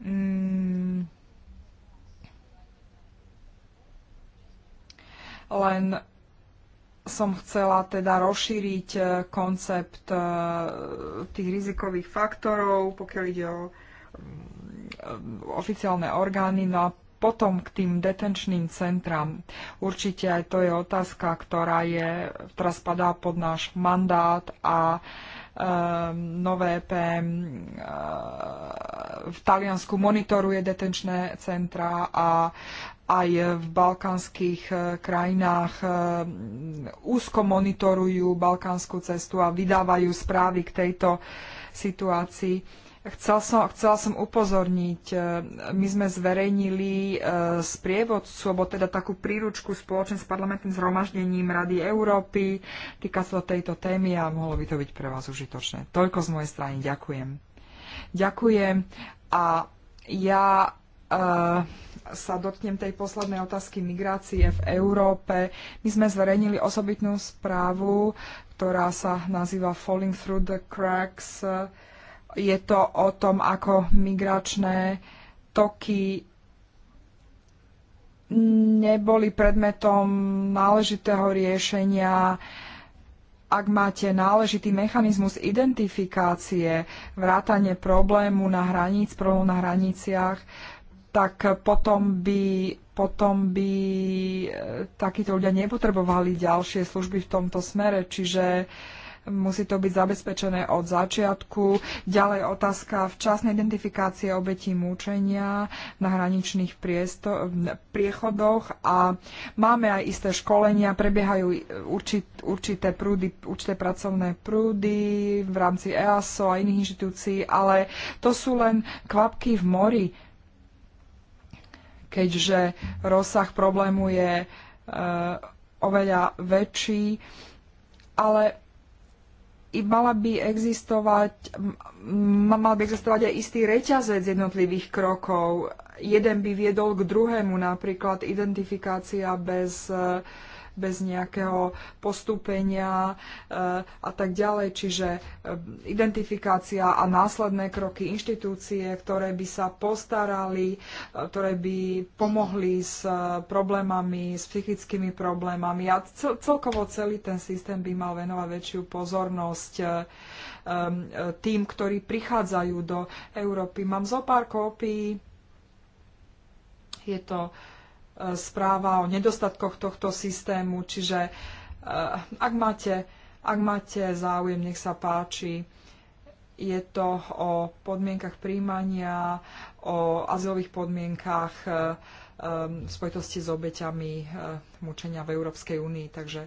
Mm, len som chcela teda rozšíriť e, koncept e, tých rizikových faktorov, pokiaľ ide o mm, e, oficiálne orgány. No a potom k tým detenčným centram. Určite aj to je otázka, ktorá je, ktorá spadá pod náš mandát a e, nové PM e, v Taliansku monitoruje detenčné centra a aj v balkánskych e, krajinách e, úzko monitorujú balkánsku cestu a vydávajú správy k tejto situácii. Chcel som, chcela som upozorniť, e, my sme zverejnili sprievodcu, alebo teda takú príručku spoločne s parlamentným zhromaždením Rady Európy. Týka sa tejto témy a mohlo by to byť pre vás užitočné. Toľko z mojej strany. Ďakujem. Ďakujem. A ja sa dotknem tej poslednej otázky migrácie v Európe. My sme zverejnili osobitnú správu, ktorá sa nazýva Falling Through the Cracks. Je to o tom, ako migračné toky neboli predmetom náležitého riešenia. Ak máte náležitý mechanizmus identifikácie, vrátanie problému na hraníc, problému na hraniciach, tak potom by, potom by e, takíto ľudia nepotrebovali ďalšie služby v tomto smere. Čiže musí to byť zabezpečené od začiatku. Ďalej otázka včasnej identifikácie obetí múčenia na hraničných priesto- priechodoch a máme aj isté školenia, prebiehajú určit, určité prúdy, určité pracovné prúdy v rámci EASO a iných inštitúcií, ale to sú len kvapky v mori keďže rozsah problému je e, oveľa väčší, ale mala by existovať, mal by existovať aj istý reťazec jednotlivých krokov. Jeden by viedol k druhému, napríklad identifikácia bez uh, bez nejakého postúpenia eh, a tak ďalej. Čiže eh, identifikácia a následné kroky inštitúcie, ktoré by sa postarali, eh, ktoré by pomohli s problémami, s psychickými problémami a celkovo celý ten systém by mal venovať väčšiu pozornosť tým, ktorí prichádzajú do Európy. Mám zo pár kópií. Je to uh, správa o nedostatkoch tohto systému, čiže e, ak máte, ak máte záujem, nech sa páči. Je to o podmienkach príjmania, o azylových podmienkach e, e, v spojitosti s obeťami mučenia v Európskej únii. Takže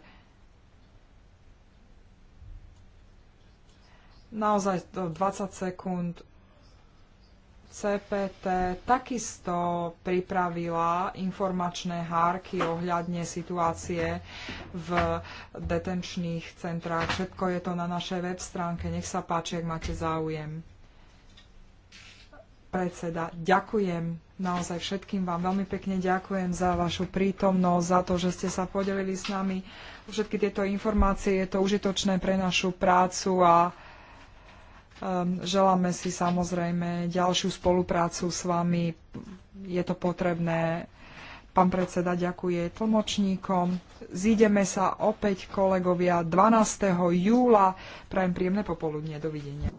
naozaj 20 sekúnd CPT takisto pripravila informačné hárky ohľadne situácie v detenčných centrách. Všetko je to na našej web stránke. Nech sa páči, ak máte záujem. Predseda, ďakujem naozaj všetkým vám. Veľmi pekne ďakujem za vašu prítomnosť, za to, že ste sa podelili s nami. Všetky tieto informácie je to užitočné pre našu prácu a Ehm, želáme si samozrejme ďalšiu spoluprácu s vami. Je to potrebné. Pán predseda ďakuje tlmočníkom. Zídeme sa opäť, kolegovia, 12. júla. Prajem príjemné popoludne. Dovidenia.